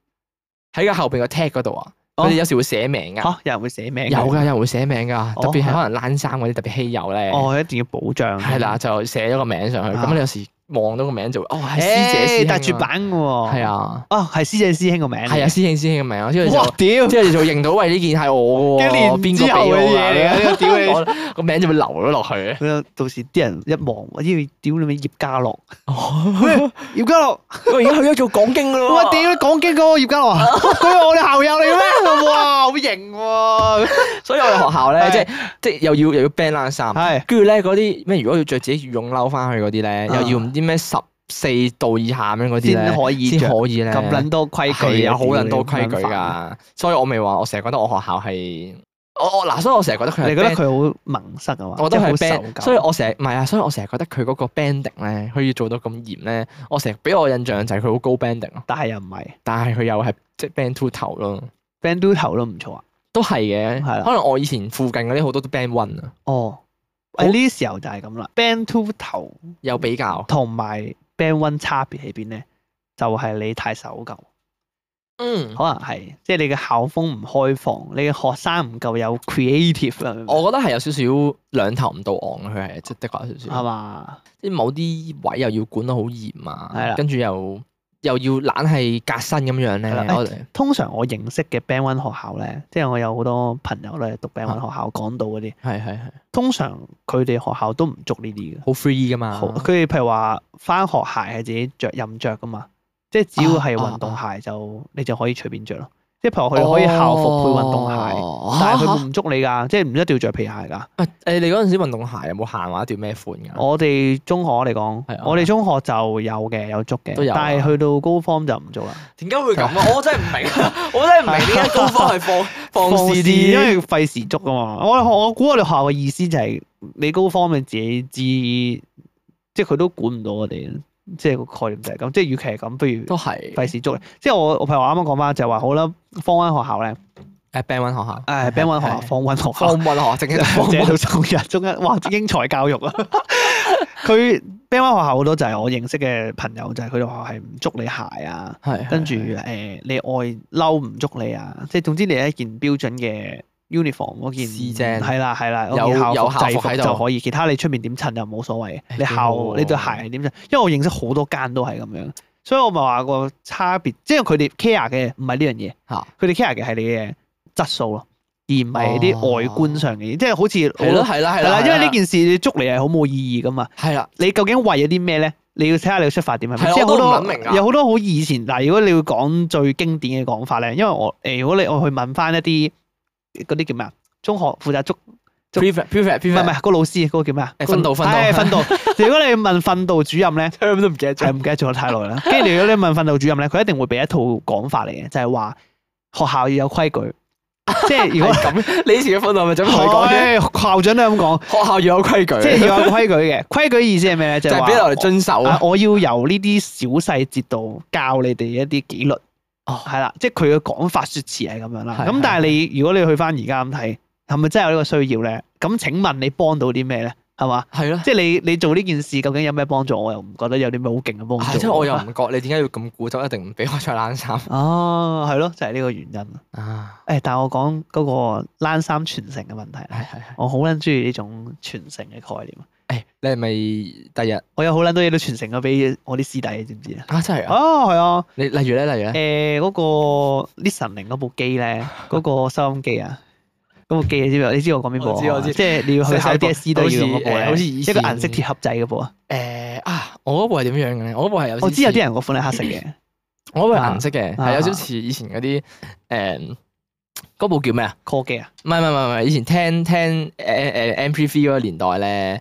喺個後邊個 tag 嗰度啊。佢哋、oh. 有時會寫名㗎、啊，有人會寫名，有㗎，有人會寫名㗎，oh. 特別係可能冷衫嗰啲特別稀有咧，哦，oh, 一定要保障，係啦，就寫咗個名上去，咁 Yeah. 你有時。望到個名就會哦係師姐，但係絕版嘅喎。係啊，哦係師姐師兄個名，係啊師兄師兄個名啊。就屌，即係就認到，喂呢件係我嘅喎，邊個嘅嘢啊？屌，個名就會留咗落去，到時啲人一望，哇！屌你咩葉家樂？葉家樂，佢而家去咗做講經咯。哇！屌，講經嗰個葉家樂，佢係我哋校友嚟咩？哇！好型喎，所以我哋學校咧，即係即係又要又要 ban 冷衫，跟住咧嗰啲咩？如果要着自己羽絨褸翻去嗰啲咧，又要唔知。咩十四度以下咁樣嗰啲先可以先可以咧，咁撚多規矩，有好撚多規矩㗎！所以我咪話，我成日覺得我學校係我我嗱，所以我成日覺得佢，你覺得佢好盟塞啊嘛，即係 band，所以我成日唔係啊，所以我成日覺得佢嗰個 banding 咧，可以做到咁嚴咧。我成日俾我印象就係佢好高 banding 咯，但係又唔係，但係佢又係即 band two 頭咯，band two 頭都唔錯啊，都係嘅，係可能我以前附近嗰啲好多都 band one 啊。哦。喺呢、哦、時候就係咁啦，Band Two 頭有比較，同埋 Band One 差別喺邊咧？就係、是、你太守舊，嗯，可能係，即係你嘅校風唔開放，你嘅學生唔夠有 creative 啊。我覺得係有少少兩頭唔到岸，佢係即係的確有少少係嘛，即係吧某啲位又要管得好嚴啊，的跟住又。又要懶係隔身咁樣咧，的來通常我認識嘅 band one 學校咧，即係我有好多朋友咧讀 band one 學校港島嗰啲，係係係，通常佢哋學校都唔捉呢啲嘅，好 free 噶嘛。佢哋譬如話返學鞋係自己着任着噶嘛，即係只要係運動鞋就、啊、你就可以隨便着咯。即係譬如佢可以校服配運動鞋，但係佢唔捉你噶，即係唔一定要着皮鞋噶。誒，你嗰陣時運動鞋有冇行話一條咩款噶？我哋中學嚟講，我哋中學就有嘅，有捉嘅，但係去到高方就唔捉啦。點解會咁啊？我真係唔明，我真係唔明點解高方係放放肆啲，因為費事捉啊嘛。我我估我哋學校嘅意思就係你高方你自己知，即係佢都管唔到我哋。即係個概念就係咁，即係與其咁，不如都係費事捉你、嗯、即係我我譬如話啱啱講翻就係、是、話好啦，方温學校咧，誒，band one 學校，誒，band one 學校，方温學校，方温學校，正經 到周一、周日哇，英才教育啊！佢 band one 學校好多就係我認識嘅朋友就係佢哋學校係唔捉你鞋啊，係跟住誒你愛嬲唔捉你啊，即係總之你係一件標準嘅。uniform 嗰件正，係啦係啦，有有制服就可以，其他你出面點襯又冇所謂嘅。你校你對鞋係點啫？因為我認識好多間都係咁樣，所以我咪話個差別，即係佢哋 care 嘅唔係呢樣嘢，佢哋 care 嘅係你嘅質素咯，而唔係啲外觀上嘅嘢，即係好似係咯係啦係啦，因為呢件事你捉嚟係好冇意義噶嘛。係啊，你究竟為咗啲咩咧？你要睇下你嘅出發點係咪？即係好多有好多好以前嗱，如果你會講最經典嘅講法咧，因為我誒，如果你我去問翻一啲。嗰啲叫咩啊？中學負責捉 prefect prefect prefect 唔係個老師，嗰個叫咩啊？訓導訓導訓導。如果你問訓導主任咧，都唔記得，真係唔記得咗太耐啦。跟住，如果你問訓導主任咧，佢一定會俾一套講法嚟嘅，就係話學校要有規矩，即係如果咁，你以前嘅訓導咪就咁講嘅。校長都咁講，學校要有規矩，即係要有規矩嘅規矩，意思係咩咧？就係俾人嚟遵守。我要由呢啲小細節度教你哋一啲紀律。哦，係啦，即係佢嘅講法說詞係咁樣啦。咁的但係你的如果你去翻而家咁睇，係咪真係有呢個需要咧？咁請問你幫到啲咩咧？係嘛？係咯的，即係你你做呢件事究竟有咩幫助？我又唔覺得有啲咩好勁嘅幫助。即係我又唔覺你點解要咁固執，一定唔俾我着冷衫。哦，係咯，就係、是、呢個原因。啊，誒、哎，但係我講嗰個冷衫傳承嘅問題，係係係，我好撚中意呢種傳承嘅概念。誒，你係咪第日？我有好捻多嘢，都傳承咗俾我啲師弟，你知唔知啊？啊，真係啊！哦，係啊。你例如咧，例如咧？誒，嗰個 Listen 鈴嗰部機咧，嗰個收音機啊，嗰部機你知唔知，你知我講邊部啊？我知我知。即係你要去考 DSE 都要用嗰個咧，一個銀色鐵盒仔嗰部啊。誒啊，我嗰部係點樣嘅咧？我嗰部係有我知有啲人嗰款係黑色嘅，我嗰部係銀色嘅，係有少少似以前嗰啲誒，嗰部叫咩啊？Call 機啊？唔係唔係唔係唔係，以前聽聽誒誒 MP3 嗰個年代咧。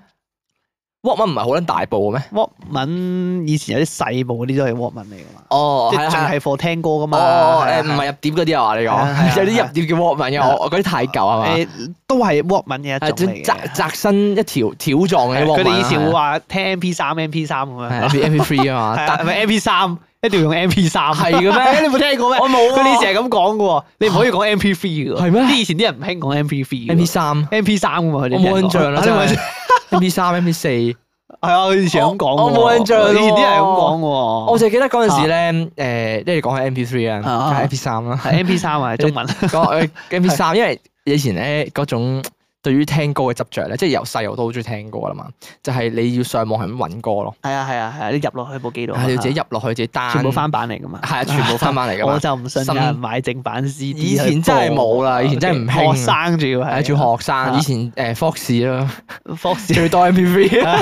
w a l k m a n 唔係好捻大部嘅咩？w a l k m a n 以前有啲細部嗰啲都係 w a l k m a n 嚟嘅嘛？哦，即係淨係 r 聽歌嘅嘛？哦，誒，唔係入碟嗰啲啊嘛？你講有啲入碟叫 w a l k m a n 因嘅，我我嗰啲太舊係嘛？誒，都係 what 文嘅一種嘅。誒，窄窄身一條條狀嘅，佢哋以前會話聽 M P 三、M P 三咁樣，M P M P three 啊嘛，唔係 M P 三。一定要用 MP 三，係嘅咩？你冇聽過咩？我冇啊！佢哋成日咁講嘅，你唔可以講 MP three 嘅。係咩？啲以前啲人唔興講 MP three MP 三，MP 三啊嘛，佢哋冇印象啦，係咪先？MP 三，MP 四，係啊，佢以前咁講，我冇印象。以前啲人係咁講嘅。我就係記得嗰陣時咧，誒，即係講起 MP three 啦，MP 三啦，MP 三啊，中文講 MP 三，因為以前咧嗰種。對於聽歌嘅執着咧，即係由細我都好中意聽歌啦嘛。就係你要上網係咁搵歌咯。係啊係啊係，你入落去部機度，你要自己入落去自己單，全部翻版嚟噶嘛。係啊，全部翻版嚟噶嘛。我就唔信有人買正版 CD。以前真係冇啦，以前真係唔興。學生主要係做學生，以前誒 Foxy 咯，Foxy 最多 MP3 啊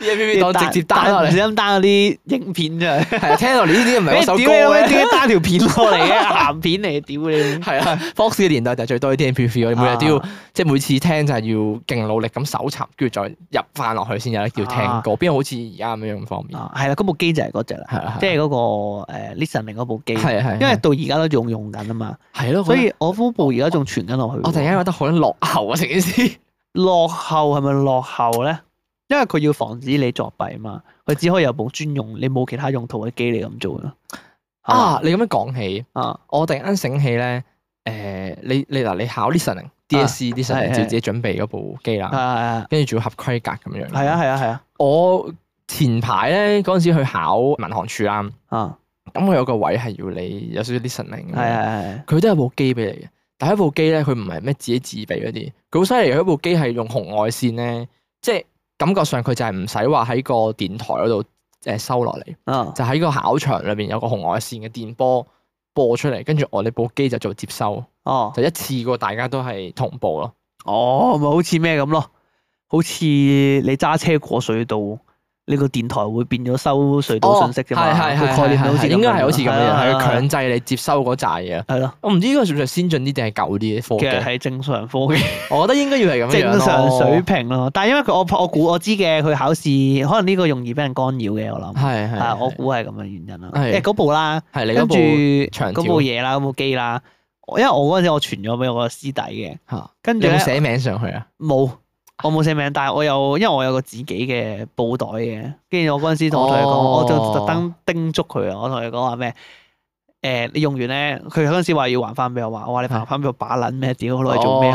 ，MP3 當直接單落嚟，單嗰啲影片真係。係啊，聽落嚟呢啲唔係一首歌啊，自己單條片落嚟嘅，咸片嚟，屌你。係啊，Foxy 嘅年代就最多啲 MP3，每日都要。即係每次聽就係要勁努力咁搜尋，跟住再入返落去先有得叫聽歌。邊好似而家咁樣咁方便？係啦、啊，嗰部機就係嗰隻啦，係啦、那個，即係嗰個 listening 嗰部機，係啊，因為到而家都仲用緊啊嘛。係咯，所以我嗰部而家仲存緊落去我。我突然間覺得好落後啊！成件事，落後係咪落後咧？因為佢要防止你作弊啊嘛，佢只可以有部專用，你冇其他用途嘅機你咁做咯。啊，的你咁樣講起啊，我突然間醒起咧，誒、呃，你你嗱，你考 listening。D.S.C. 啲神靈自己準備嗰部機啦，係啊的，跟住仲要合規格咁樣。係啊，係啊，係啊！我前排咧嗰陣呢時去考民航處啦，啊，咁佢有個位係要你有少少啲神靈，係係係。佢都有部機俾你嘅，但係一部機咧，佢唔係咩自己自備嗰啲，佢好犀利，佢部機係用紅外線咧，即、就、係、是、感覺上佢就係唔使話喺個電台嗰度誒收落嚟，啊、就喺個考場裏邊有個紅外線嘅電波播出嚟，跟住我哋部機就做接收。哦，就一次過，大家都係同步咯。哦，咪好似咩咁咯？好似你揸車過隧道，呢個電台會變咗收隧道信息啫嘛。係，係概念係應該係好似咁樣，係強制你接收嗰扎嘢。係咯，我唔知呢個算唔算先進啲定係舊啲嘅科技。係正常科技，我覺得應該要係咁樣。正常水平咯，但係因為佢我我估我知嘅，佢考試可能呢個容易俾人干擾嘅，我諗係，係。我估係咁嘅原因咯。誒，嗰部啦，跟住嗰部嘢啦，嗰部機啦。因為我嗰陣時傳我存咗俾我師弟嘅嚇，跟住、啊、有寫名上去啊？冇，我冇寫名，但係我有，因為我有個自己嘅布袋嘅，跟住我嗰陣時同佢講，我就特登叮囑佢啊，我同佢講話咩？誒，你用完咧，佢嗰陣時話要還翻俾我，話我話你還翻俾我把卵咩？屌，攞嚟做咩？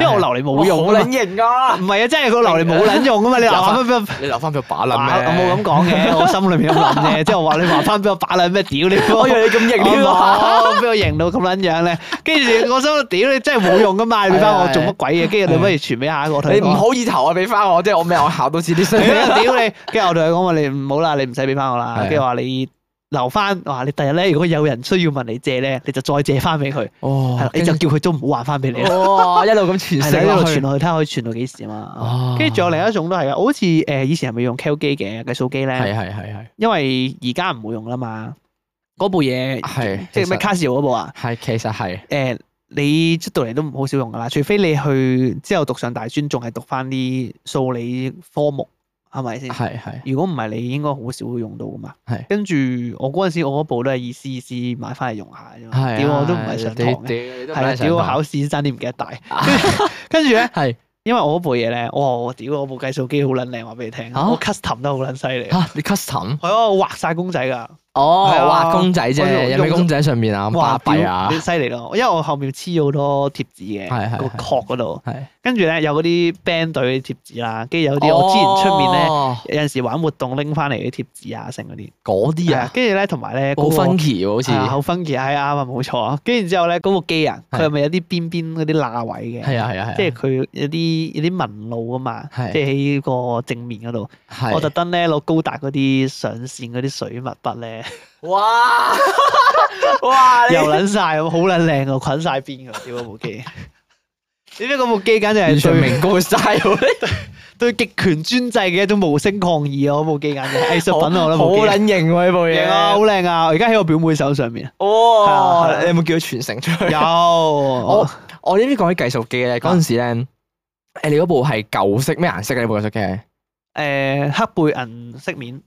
因為我留嚟冇用。我好卵型噶。唔係啊，即係個留嚟冇卵用噶嘛！你留翻俾我，你留翻俾我把卵咩？我冇咁講嘅，我心裏面咁諗嘅，即係我話你還翻俾我把卵咩？屌你！我以為你咁型嘅，俾我型到咁卵樣咧。跟住我心諗，屌你真係冇用噶嘛！你俾翻我做乜鬼嘢？跟住你不如傳俾下一個。你唔好意頭啊！俾翻我，即係我咩？我考到錢啲水。屌你！跟住我同佢講話，你唔好啦，你唔使俾翻我啦。跟住話你。留翻，哇！你第日咧，如果有人需要問你借咧，你就再借翻俾佢。哦，係的後你就叫佢都唔好還翻俾你，哦。哇， 一路咁傳，一路傳落去，睇下，哦，可以傳到幾時啊？嘛，哦，跟住仲有另一種都係啊，我好似誒以前係咪用 cal 機嘅計數機咧？係係係係。因為而家唔會用啦嘛，嗰部嘢係即係咩 Casio 嗰部啊？係其實係誒，你出到嚟都唔好少用噶啦，除非你去之後讀上大專，仲係讀翻啲數理科目。係咪先？係係。係係如果唔係，你應該好少會用到噶嘛。係。跟住我嗰陣時，我，時我部都係意思意思買翻嚟用下啫係。屌、啊、我都唔係上堂。係你啊，屌我考試爭啲唔記得帶。跟住咧，係。因為我部嘢咧，哇！我屌我部計數機好撚靚，話俾你聽。啊、我 custom 都好撚犀利。你 custom？係啊、嗯，我畫晒公仔噶。哦，畫公仔啫，公仔上面啊，哇，巴啊，好犀利咯！因為我後面黐咗好多貼紙嘅，個殼嗰度，跟住咧有嗰啲 band 隊嘅貼紙啦，跟住有啲我之前出面咧有陣時玩活動拎翻嚟嘅貼紙啊，剩嗰啲，嗰啲啊，跟住咧同埋咧好分 u n 好似，好分 u n 係啱啊，冇錯啊，跟住之後咧嗰部機啊，佢係咪有啲邊邊嗰啲罅位嘅？係啊，係啊，即係佢有啲有啲紋路啊嘛，即係喺個正面嗰度，我特登咧攞高達嗰啲上線嗰啲水墨筆咧。哇哇，又捻晒好捻靚個，捆晒邊個，屌部機，點解部機簡直係出名過晒，對極權專制嘅一種無聲抗議啊！嗰部機簡直係藝術品，我好捻型喎，呢部嘢好靚啊！我而家喺我表妹手上面。哦，你有冇叫佢傳承出去？有，我呢邊講起計數機咧，嗰陣時咧，誒，你嗰部係舊式咩顏色嘅呢部計數機？誒，黑背銀色面，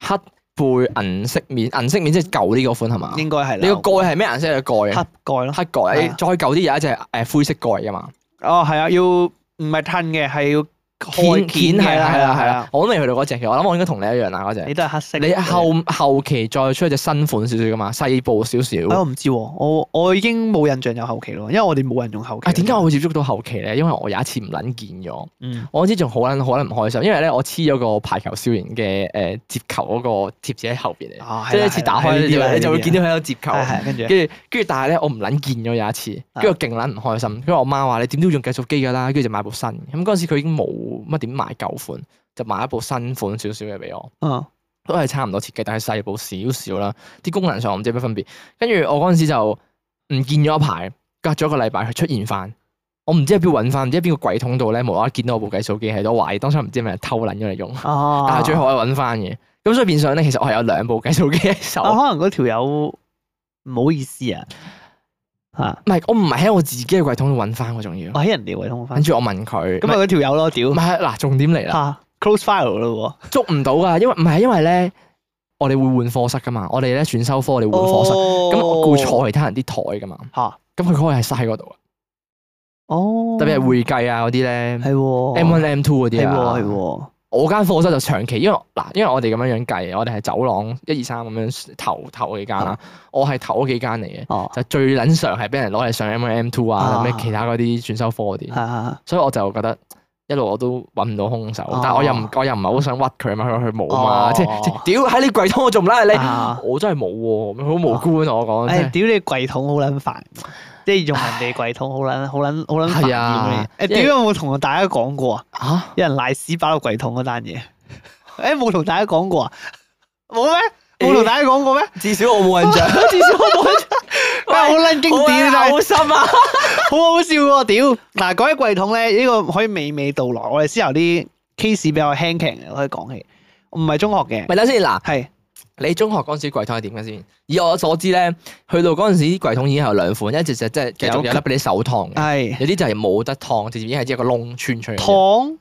黑。配銀色面，銀色面即係舊啲嗰款係嘛？應該係，你個蓋係咩顏色嘅蓋啊？蓋黑蓋咯，黑蓋。你的再舊啲有一隻誒灰色蓋噶嘛？哦係啊，要唔係褪嘅，係要。片片係啦，係啦，係啦，我都未去到嗰隻，其實，我諗我應該同你一樣啦，嗰隻。你都係黑色。你後後期再出隻新款少少噶嘛，細部少少。我唔知，我我已經冇印象有後期咯，因為我哋冇人用後期。啊，點解我會接觸到後期咧？因為我有一次唔捻見咗，我之前仲好捻，好捻唔開心，因為咧我黐咗個排球少年嘅誒接球嗰個貼紙喺後邊嚟，即係一次打開，你就會見到佢有接球，跟住跟住跟住，但係咧我唔捻見咗有一次，跟住我勁捻唔開心，跟住我媽話你點都要用計數機噶啦，跟住就買部新，咁嗰時佢已經冇。乜點買舊款，就買一部新款少少嘅俾我。嗯，都係差唔多設計，但係細部少少啦。啲功能上我唔知有咩分別。跟住我嗰陣時就唔見咗一排，隔咗個禮拜佢出現翻。我唔知喺邊搵翻，唔知喺邊個鬼桶度咧，無啦啦見到我部計數機喺度，都懷疑當初唔知咩人偷捻咗嚟用，但係最後我搵翻嘅。咁所以變相咧，其實我係有兩部計數機喺手啊。啊，啊 可能嗰條友唔好意思啊。啊，唔係，我唔係喺我自己嘅櫃桶度揾翻，我仲要，我喺人哋櫃桶揾翻，跟住我問佢，咁啊，佢條友咯，屌，唔係，嗱，重點嚟啦，close file 咯，捉唔到噶，因為唔係，因為咧，我哋會換課室噶嘛，我哋咧選修科，我哋換課室，咁我故坐其他人啲台噶嘛，吓，咁佢嗰個係晒喺嗰度啊，哦，特別係會計啊嗰啲咧，係，M one M two 嗰啲，係係喎。我間課室就長期，因為嗱，因為我哋咁樣樣計，我哋係走廊一二三咁樣頭頭幾間啦，我係頭嗰幾間嚟嘅，就最捻常係俾人攞嚟上 M M two 啊，咩其他嗰啲選修科嗰啲，所以我就覺得一路我都揾唔到凶手，但係我又唔我又唔係好想屈佢啊嘛，佢冇嘛，即係屌喺你櫃桶我仲唔拉你，我真係冇，好無辜啊我講，屌你櫃桶好捻煩。即係用人哋櫃桶，好捻好捻好捻經典誒，點解冇同大家講過啊？吓，有人賴屎包喺櫃桶嗰單嘢，誒，冇同大家講過啊？冇咩？冇同大家講過咩？至少我冇印象。 至少我冇，咩好捻經典啊，啊！好心 啊！好好笑喎！屌，嗱，講起櫃桶咧，呢個可以娓娓道來。我哋先由啲 case 比較輕巧可以講起，我唔係中學嘅。咪等先啦。係。你中學嗰時櫃桶係點嘅先？以我所知咧，去到嗰陣時啲櫃桶已經有兩款，一隻隻就就即係有有粒俾你手燙係的有啲就係冇得燙，直接已經係只個窿穿出嚟。燙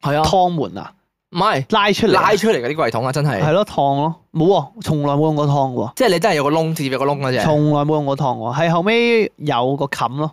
係啊，燙門啊，唔係拉出嚟，拉出嚟啲櫃桶啊，真係係咯，燙咯，冇啊，從來冇用過燙嘅，即係你真係有個窿，直接有個窿嘅啫，從來冇用過燙嘅，係後尾有個冚咯，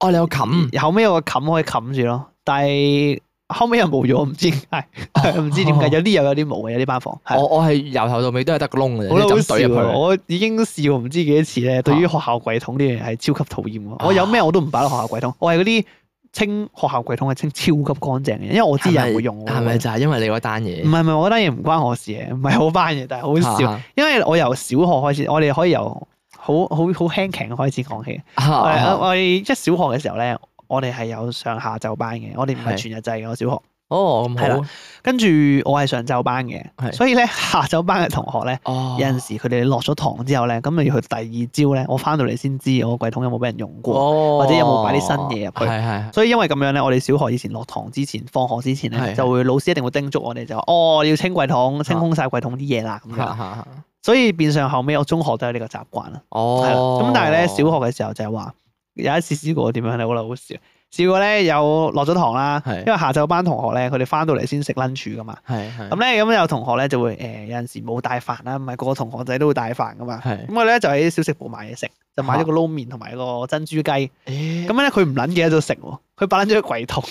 哦，你有冚，後尾有個冚可以冚住咯，但係。後尾又冇咗，唔知係，唔、哦、知點解、哦、有啲又有啲冇嘅，有啲班房。我我係由頭到尾都係得個窿嘅，好針懟入去。我已經試過唔知幾多次咧。對於學校櫃桶啲嘢係超級討厭、啊。我有咩我都唔擺喺學校櫃桶。我係嗰啲清學校櫃桶係清超級乾淨嘅，因為我知有人會用。係咪就係因為你嗰單嘢？唔係唔係，我單嘢唔關我事嘅，唔係好班嘢，但係好笑。啊啊、因為我由小學開始，我哋可以由好好好輕鬆開始講起。啊啊啊、我我一小學嘅時候咧。我哋係有上下晝班嘅，我哋唔係全日制嘅。我小學哦咁係喇，跟住我係上晝班嘅，的所以咧，下晝班嘅同學咧，哦、有陣時佢哋落咗堂之後咧，咁要去第二朝咧，我翻到嚟先知我個櫃桶有冇俾人用過，哦、或者有冇擺啲新嘢入去。的所以因為咁樣咧，我哋小學以前落堂之前、放學之前咧，就會老師一定會叮囑我哋就話：哦，要清櫃桶、清空晒櫃桶啲嘢啦。咁樣，所以變相後尾我中學都有呢個習慣啦。哦，咁但係咧，小學嘅時候就係話。有一次試過點樣咧，好嬲好笑。試過咧，有落咗堂啦，因為下晝班同學咧，佢哋翻到嚟先食 lunch 噶嘛。咁咧是是，咁、嗯、有同學咧就會誒、呃、有陣時冇帶飯啦，唔係個個同學仔都會帶飯噶嘛。咁我咧就喺小食部買嘢食，就買咗個撈麵同埋個珍珠雞。咁咧佢唔捻記喺度食，佢擺捻咗個櫃桶。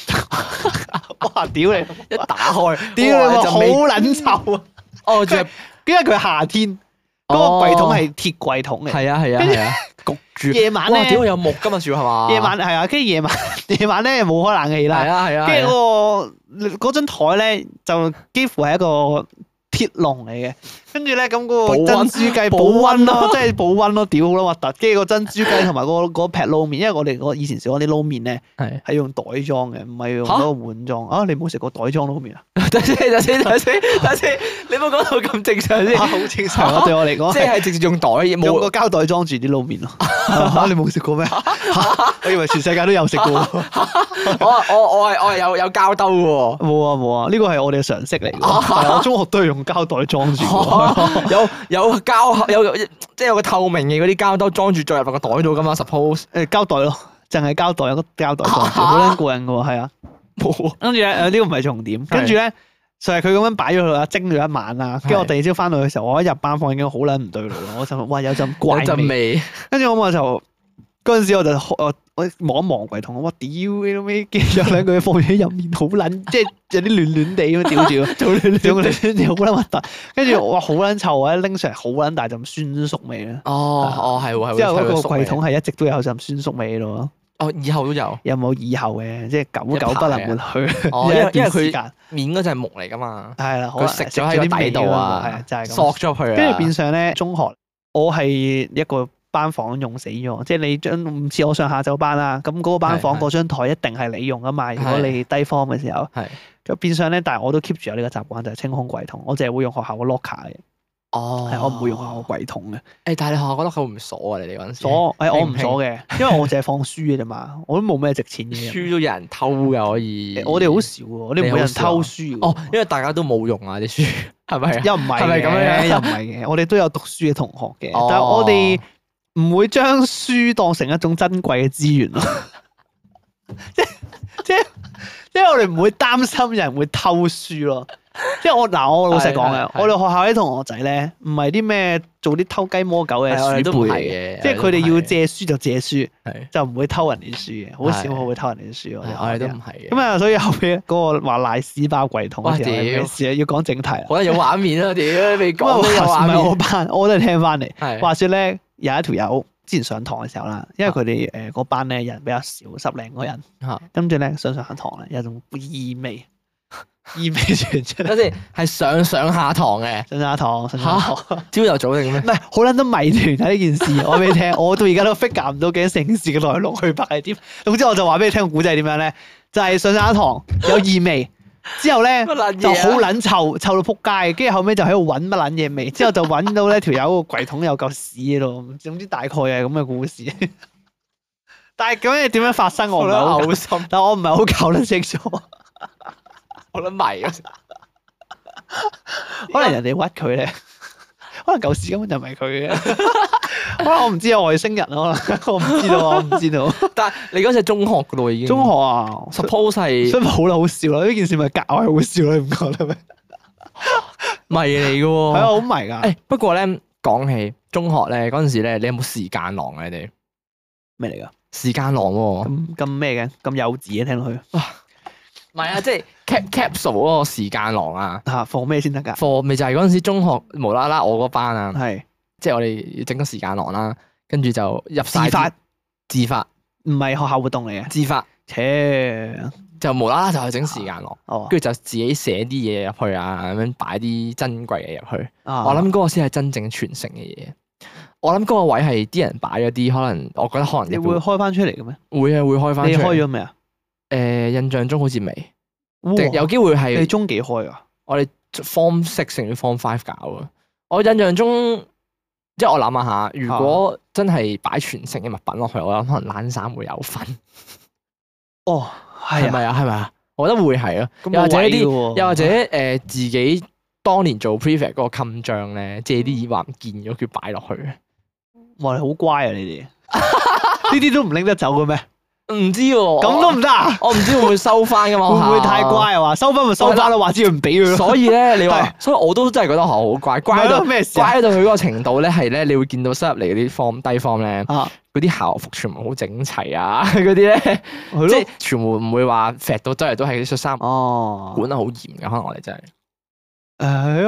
啊、哇！屌你，一打開，屌你，好捻臭啊！哦，因為佢夏天。嗰個櫃桶係鐵櫃桶嚟，係啊，係啊，係啊，焗住。夜晚咧，點會有木噶嘛？住係嘛？夜晚係啊，跟住夜晚夜晚咧冇開冷氣啦。係啊，係啊，跟住個嗰張台咧就幾乎係一個。鐵籠嚟嘅，跟住咧咁嗰個珍珠雞保溫咯，即係保溫咯，屌好撚核突。跟住個珍珠雞同埋個個劈撈麵，因為我哋我以前食嗰啲撈麵咧係用袋裝嘅，唔係用嗰個碗裝。啊，你冇食過袋裝撈麵啊？等先，等先，等先，等先，你冇講到咁正常先。好正常啊，對我嚟講，即係直接用袋，用個膠袋裝住啲撈麵咯。你冇食過咩？我以為全世界都有食過。我我我係我係有有膠兜喎。冇啊冇啊，呢個係我哋嘅常識嚟嘅，我中學都係用。膠袋裝住， 有膠有膠有即係有個透明嘅嗰啲膠兜裝住再入落個袋度噶嘛，suppose 誒膠袋咯，淨係膠袋有個膠袋袋好捻過癮噶喎，係啊，跟住咧誒呢、啊這個唔係重點，跟住咧就係佢咁樣擺咗佢啊蒸咗一晚啦，跟住我第二朝翻到去嘅時候，我喺入班房已經好捻唔對路啦，我就話哇有陣怪味，跟住我咪就嗰陣時我就，我就，我就我望一望櫃桶，我屌你都未味，有兩句放喺入面，好卵，即係有啲暖暖地咁樣吊住咯，做兩兩嘢好核突。跟住我話好卵臭，我一拎上嚟好卵大陣酸餿味咧。哦哦，係係。之後嗰個櫃桶係一直都有陣酸餿味咯。哦，以後都有。有冇以後嘅？即係久久不能抹去。因為佢面嗰隻係木嚟噶嘛。係啦，佢食咗喺啲味道啊，啊，就係咁索咗去。跟住變相咧，中學我係一個。班房用死咗，即係你將唔似我上下晝班啦，咁嗰班房嗰張台一定係你用啊嘛。如果你低 form 嘅時候，就變相咧。但係我都 keep 住有呢個習慣，就係清空櫃桶，我淨係會用學校嘅 locker 嘅。哦，係我唔會用學校櫃桶嘅。誒，但係你學校 locker 會唔鎖啊？你哋嗰陣時鎖，我唔鎖嘅，因為我淨係放書嘅啫嘛，我都冇咩值錢嘅書都有人偷㗎，可以。我哋好少，我哋冇人偷書。哦，因為大家都冇用啊啲書，係咪？又唔係？係咪咁樣？又唔係嘅，我哋都有讀書嘅同學嘅，但係我哋。唔會將書當成一種珍貴嘅資源咯，即係即係。因為我哋唔會擔心人會偷書咯，即係我嗱我老實講嘅，我哋學校啲同學仔咧，唔係啲咩做啲偷雞摸狗嘅鼠輩嚟嘅，即係佢哋要借書就借書，就唔會偷人哋書嘅，好少會偷人哋書，我哋我哋都唔係。咁啊，所以後屘嗰個話賴屎包櫃桶嘅事啊，要講整題，可能有畫面啊，屌你講啊，唔係我班，我都係聽翻嚟。話說咧，有一條友。之前上堂嘅時候啦，因為佢哋誒嗰班咧人比較少，十零個人，跟住咧上上下堂咧有種異味，異味傳出、 就係。等先，係上上下堂嘅上上下堂，上下堂，朝頭早定咩？唔係，好撚多迷團睇呢 件事，我俾你聽，我到而家都 figure 唔到究竟成件事嘅來龍去脈係點。總之我就話俾你聽個古仔點樣咧，就係、係、上上下堂有異味。 之後咧、啊、就好撚臭臭到撲街，跟住後尾就喺度揾乜撚嘢味，之後就揾到咧條友個櫃桶有嚿屎咯，總之大概係咁嘅故事。 但係究竟嘢點樣發生，我唔係好搞， 但我唔係好搞得清楚， 我諗迷啊， 可能人哋屈佢咧。 可能舊時根本就唔係佢嘅，可能我唔知有外星人咯，我唔知道我唔知道。知道 但係你嗰陣中學嘅咯，已經。中學啊，suppose 係是，所以好啦，是是好笑啦，呢件事咪格外好笑你，唔覺得咩？迷你嘅喎，係好迷㗎。誒不過咧，講起中學咧，嗰陣時咧，你有冇時間狼啊？你哋咩嚟㗎？時間狼喎、啊，咁咁咩嘅？咁幼稚啊！聽落去 唔係 啊，即係 cap capsule 嗰個時間囊啊，放咩先得噶？放咪就係嗰陣時中學無啦啦我嗰班啊，係是即係我哋整個時間囊啦，跟住就入晒自發唔係發學校活動嚟啊！自發，切車就無啦啦就去整時間囊，跟住、啊、就自己寫啲嘢入去,去啊,啊，咁樣擺啲珍貴嘢入去。我諗嗰個先係真正傳承嘅嘢。我諗嗰個位係啲人擺咗啲，可能我覺得可能你會開翻出嚟嘅咩？會啊，會開翻。你開咗未啊？誒、呃，印象中好似未，有機會。係你中幾開啊？我哋 form six 成咗 form five 搞啊。我印象中，即係我諗下，如果真係擺全城嘅物品落去，我諗可能冷衫會有份。哦，係咪啊？係咪啊？我覺得會係咯，又、啊、或者啲，又或者誒、呃，自己當年做 prefect 嗰個襟章咧，借啲耳環見咗，佢擺落去。哇，你好乖啊！你哋呢啲都唔拎得走嘅咩？唔知喎，咁都唔得啊！我唔知會唔會收翻噶嘛？會唔會太乖啊？話收翻咪收翻咯，話知佢唔俾佢所以咧，你話，所以我都真係覺得學校好乖，乖到咩事？乖到佢嗰個程度咧，係咧，你會見到私立嗰啲放低放 o 咧，嗰啲校服全部好整齊啊，嗰啲咧，即係全部唔會話到周圍都係啲恤衫哦，管得好嚴嘅，可能我哋真係誒，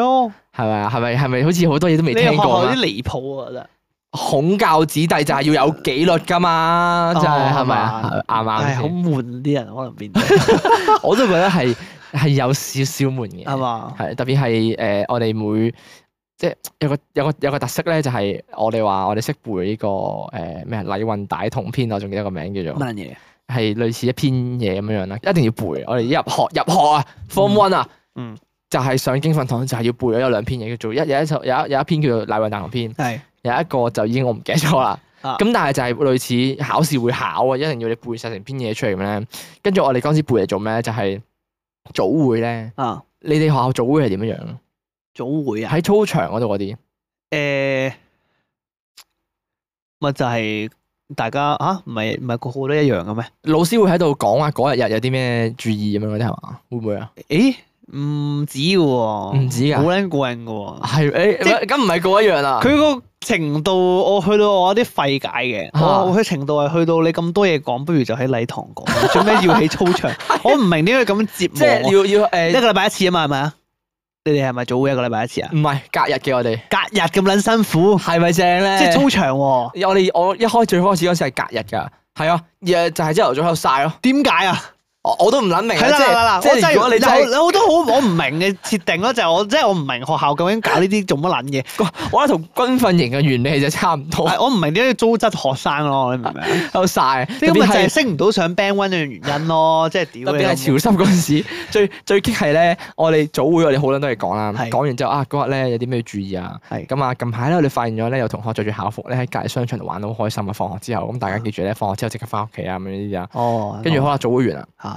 係咪啊？係咪係咪？好似好多嘢都未聽過有啲離譜啊！真。孔教子弟就係要有紀律噶嘛，即係係咪啱啱？係好悶啲人，可能變。我都覺得係係有少少悶嘅，係嘛？係特別係誒，我哋每即係有個有個有個特色咧，就係我哋話我哋識背呢個誒咩禮運大同篇，我仲記得個名叫做乜嘢，係類似一篇嘢咁樣樣啦，一定要背。我哋入學入學啊，form one 啊，嗯，就係上經訓堂就係要背咗有兩篇嘢，叫做一有一首有一有一篇叫做禮運大同篇，係。有一個就已經我唔記得咗啦，咁、啊、但係就係類似考試會考啊，一定要你背晒成篇嘢出嚟咁咧。跟住我哋嗰陣時背嚟做咩？就係、是、早會咧。啊，你哋學校早會係點樣樣？早會啊？喺操場嗰度嗰啲。誒，咪就係大家啊，唔係唔係個個都一樣嘅咩？老師會喺度講啊，嗰日日有啲咩注意咁樣嗰啲係嘛？會唔會啊？誒、欸、唔、嗯、止嘅喎、啊，唔止嘅，好捻過癮嘅喎。係、欸、誒，咁唔係個一樣啊？佢個。程度我去到我有啲費解嘅，啊、我佢程度係去到你咁多嘢講，不如就喺禮堂講，做咩要喺操場？ 我唔明點解咁折磨。即係 要要誒，呃、一個禮拜一次啊嘛，係咪啊？你哋係咪早會一個禮拜一次啊？唔係隔日嘅我哋，隔日咁捻辛苦，係咪正咧？即係操場喎、啊。我哋我一開始最開始嗰時係隔日噶，係 啊，日就係朝頭早喺度晒咯。點解啊？我都唔諗明，即係嗱嗱嗱，即係如果你好多好我唔明嘅設定咯，就係我即係我唔明學校究竟搞呢啲做乜撚嘢。我覺得同軍訓營嘅原理就差唔多。我唔明點解要租質學生咯，你明唔明？都曬咁咪就係升唔到上 band one 嘅原因咯，即係屌你！特別係潮濕嗰陣時，最最激係咧，我哋早會我哋好撚多嘢講啦。講完之後啊，嗰日咧有啲咩要注意啊？咁啊近排咧，我哋發現咗咧有同學着住校服咧喺隔離商場度玩得好開心啊！放學之後咁大家記住咧，放學之後即刻翻屋企啊咁呢啲啊。哦，跟住好啦早會完啊。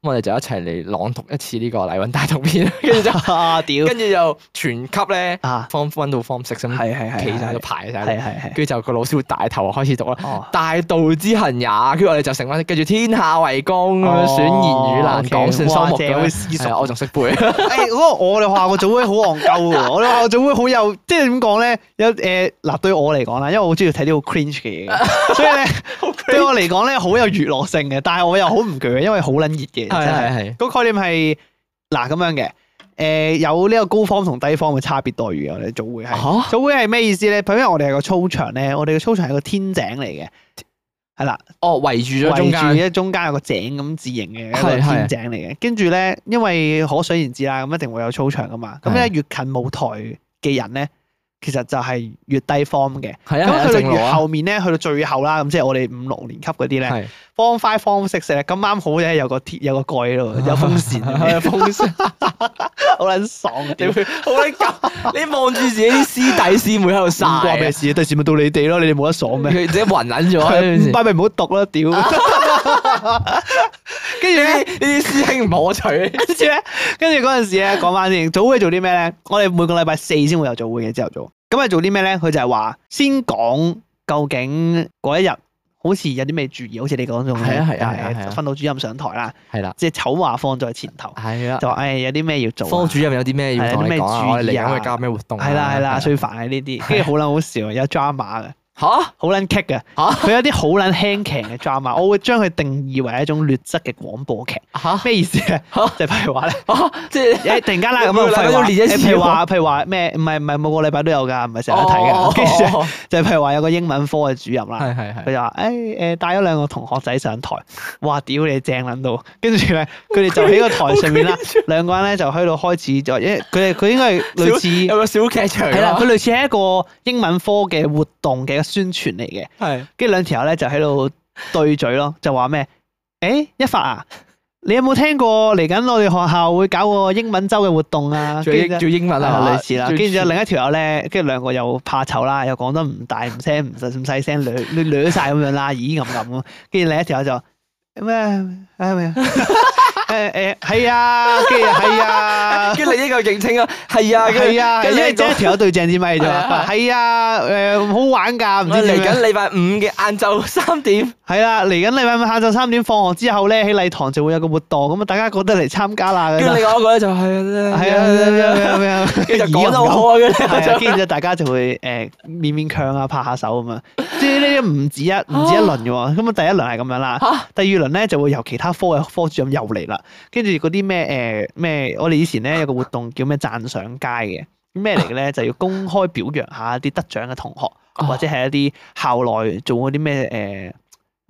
我哋就一齊嚟朗讀一次呢個《禮運大同篇》，跟住就屌，跟住就全級咧，form one 到 form six 咁樣企喺度排晒，跟住就個老師會帶頭開始讀啦。大道之行也，跟住我哋就成班跟住天下為公咁樣選賢與能，講信修睦。我仲識背。嗰個我哋學校總會好戇鳩嘅，我哋學校總會好有，即係點講咧？有誒嗱，對我嚟講啦，因為我好中意睇啲好 cringe 嘅嘢，所以咧對我嚟講咧好有娛樂性嘅，但係我又好唔鋸，因為好撚熱嘅。係係係，個概念係嗱咁樣嘅，誒有呢個高方同低方嘅差別待遇，我哋早會係，早會係咩意思咧？譬如我哋係個操場咧，我哋嘅操場係個天井嚟嘅，係啦，哦圍住圍住，即係中間有個井咁字形嘅一個天井嚟嘅，跟住咧，因為可想而知啦，咁一定會有操場噶嘛，咁咧越近舞台嘅人咧，其實就係越低方嘅，係啊，咁去到越後面咧，去到最後啦，咁即係我哋五六年級嗰啲咧。方方 six，咁啱好嘅有個鐵，有個蓋喺，有風扇，有風扇 善，好撚 爽，爽，屌，好撚鳩。你望住自己啲師弟，弟師妹喺度曬，唔關咩事。第時咪到你哋咯，你哋冇 得爽咩？佢自己暈撚咗，唔關咪唔好讀啦！屌。跟住呢啲師兄唔好取。跟住咧，跟住嗰陣時咧，講翻先說說。早會做啲咩咧？我哋每個禮拜四先會有早會嘅，之後做！咁係做啲咩咧？佢就係話先講究竟嗰一日。好似有啲咩注意，好似你講咁樣，就係訓導主任上台啦，係啦，即係醜話放在前頭，就話唉有啲咩要做，訓導主任有啲咩有啲咩注意啊，會加咩活動啊，係啦係啦，最煩係呢啲，跟住好撚好笑，有 drama 嘅。吓，好捻劇嘅，吓，佢有啲好捻輕強嘅 drama，我會將佢定義為一種劣質嘅廣播劇。吓，咩意思啊？吓，即係譬如話咧，即係突然間啦，咁啊，譬如話譬如話咩？唔係唔係，每個禮拜都有㗎，唔係成日睇嘅。跟住就係譬如話有個英文科嘅主任啦，係係係，佢就話誒誒，帶咗兩個同學仔上台，哇，屌你正諗到，跟住咧，佢哋就喺個台上面啦，兩個人咧就喺度開始，就因為佢哋佢應該類似有個小劇場，係啦，佢類似係一個英文科嘅活動嘅。宣傳嚟嘅，係跟住兩條友咧就喺度對嘴咯， 就話咩？誒、欸，一發啊！你有冇聽過嚟緊我哋學校會搞個英文周嘅活動啊？叫英叫英文啊，嗯、類似啦。跟住就另一條友咧，跟住兩個又怕醜啦，又講得唔大唔聲唔細聲，掠掠晒咁樣啦，咦咁咁咯。跟住另一條友就咩？係咪啊。 誒誒，係、 哎、啊，跟住係啊，跟住你呢個認清啊，係啊，係后啊，後因為隻條對鄭志咪咋嘛，係 啊，誒，好玩噶，唔知嚟緊禮拜五嘅晏晝三點。係啦，嚟緊禮拜五下晝三點放學之後咧，喺禮堂就會有個活動，咁啊大家覺得嚟參加啦。咁你講嗰咧就係咧，係啊，咩咩咩，跟住講得好，跟住大家就會誒勉勉強啊，拍下手咁啊。即係呢啲唔止一唔止一輪嘅喎，咁啊第一輪係咁樣啦，第二輪咧就會由其他科嘅科主任又嚟啦，跟住嗰啲咩誒咩，我哋以前咧有個活動叫咩讚賞街嘅，咩嚟嘅咧？就要公開表揚下啲得獎嘅同學，或者係一啲校內做嗰啲咩誒。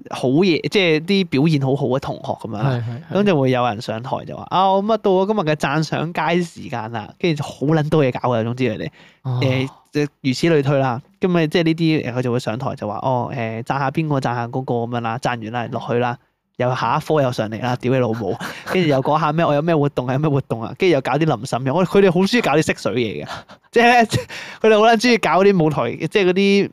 好嘢，即係啲表現好好嘅同學咁是樣啦，咁就會有人上台就話：啊是是、哦，乜到我今日嘅讚賞街時間啦！跟住就好撚多嘢搞嘅，總之佢哋誒，就、哦呃、如此類推啦。咁咪即係呢啲佢就會上台就話：哦，誒、呃，讚下邊個，讚下嗰個咁樣啦。讚完啦，落去啦，又下一科又上嚟啦，屌你老母！跟住 又講下咩？我有咩活動？係咩活動啊？跟住又搞啲淋身嘢。我佢哋好中意搞啲色水嘢嘅，即係佢哋好撚中意搞啲舞台，即係嗰啲。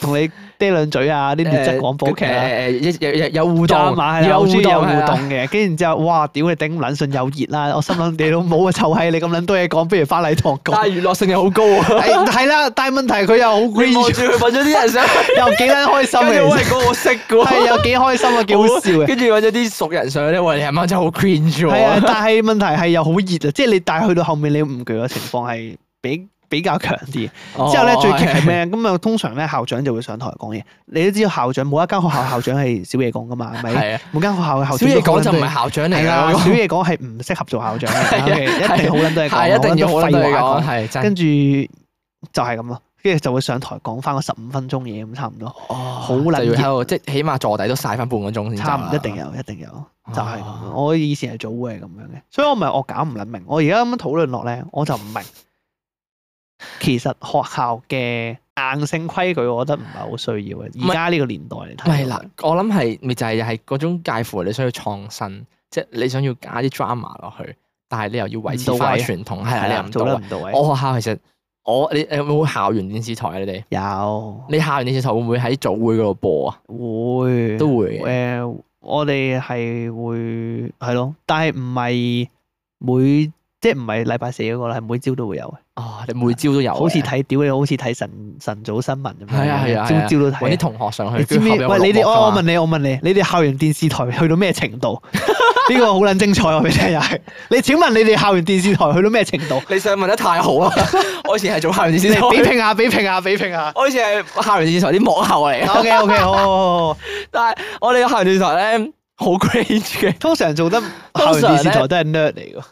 同你嗲兩嘴啊！啲劣質廣播劇、啊，誒、啊、有有有，有，有有互動啊嘛，有互動嘅。跟住、啊、然之後，哇！屌你頂撚順又熱啦、啊，我心諗你都冇啊臭閪，就是、你咁撚多嘢講，不如返禮堂講。 但係娛樂性又好高啊！係啦， 但係問題佢又好 cringe。你望住佢揾咗啲人上， 又幾撚開心嘅。喂，位哥我識嘅，係又幾開心啊，幾、 啊、好笑嘅。跟住揾咗啲熟人上咧，喂，你阿媽，媽真係好 cringe 喎。係啊， 但係問題係又好熱啊，即係你，但係去到後面你唔覺得嘅情況係比。比較強啲，之後咧最強係咩？咁啊，通常咧校長就會上台講嘢。你都知道，校長每一間學校校長係少嘢講噶嘛？係咪？的每間學校嘅校長少嘢講就唔係校長嚟啦。少嘢講係唔適合做校長，的一定好捻的都係講，一定要好捻都係講。跟住就係咁咯。跟住就會上台講翻嗰十五分鐘嘢咁，差唔多。哦，好捻即係起碼坐底都晒翻半個鐘先。差唔，一定有，一定有，就係、是哦、我以前係早會咁樣嘅，所以我咪我搞唔捻明。我而家咁樣討論落咧，我就唔明。其實學校嘅硬性規矩，我覺得唔係好需要嘅。而家呢個年代嚟睇，係啦，我諗係咪就係係嗰種介乎你想要創新，即係你想要加啲 drama 落去，但係你又要維持翻啲傳統，係你又唔到。做我學校其實我你，你有冇校園電視台啊？你哋有？你校園電視台會唔會喺早會嗰度播啊？會都會誒、呃，我哋係會係咯，但係唔係每。即係唔係禮拜四嗰、那個啦，係每朝都會有嘅。哦，你每朝都有好，好似睇屌你好似睇晨晨早新聞咁樣。啊係啊，啊朝朝都睇。揾啲、啊啊、同學上去。你，你們喂，你哋我我問你，我問你，你哋校園電視台去到咩程度？呢 個好撚精彩，我俾你聽又係。你請問你哋校園電視台去到咩程度？ 你想問得太好啦！ 我以前係做校園電視台， 你比拼下、比拼下、比拼下。 我以前係校園電視台啲幕後嚟。O K O K，哦，但係我哋校園電視台咧好 g r e a t 嘅，通常做得校園電視台都係 n e r d 嚟㗎。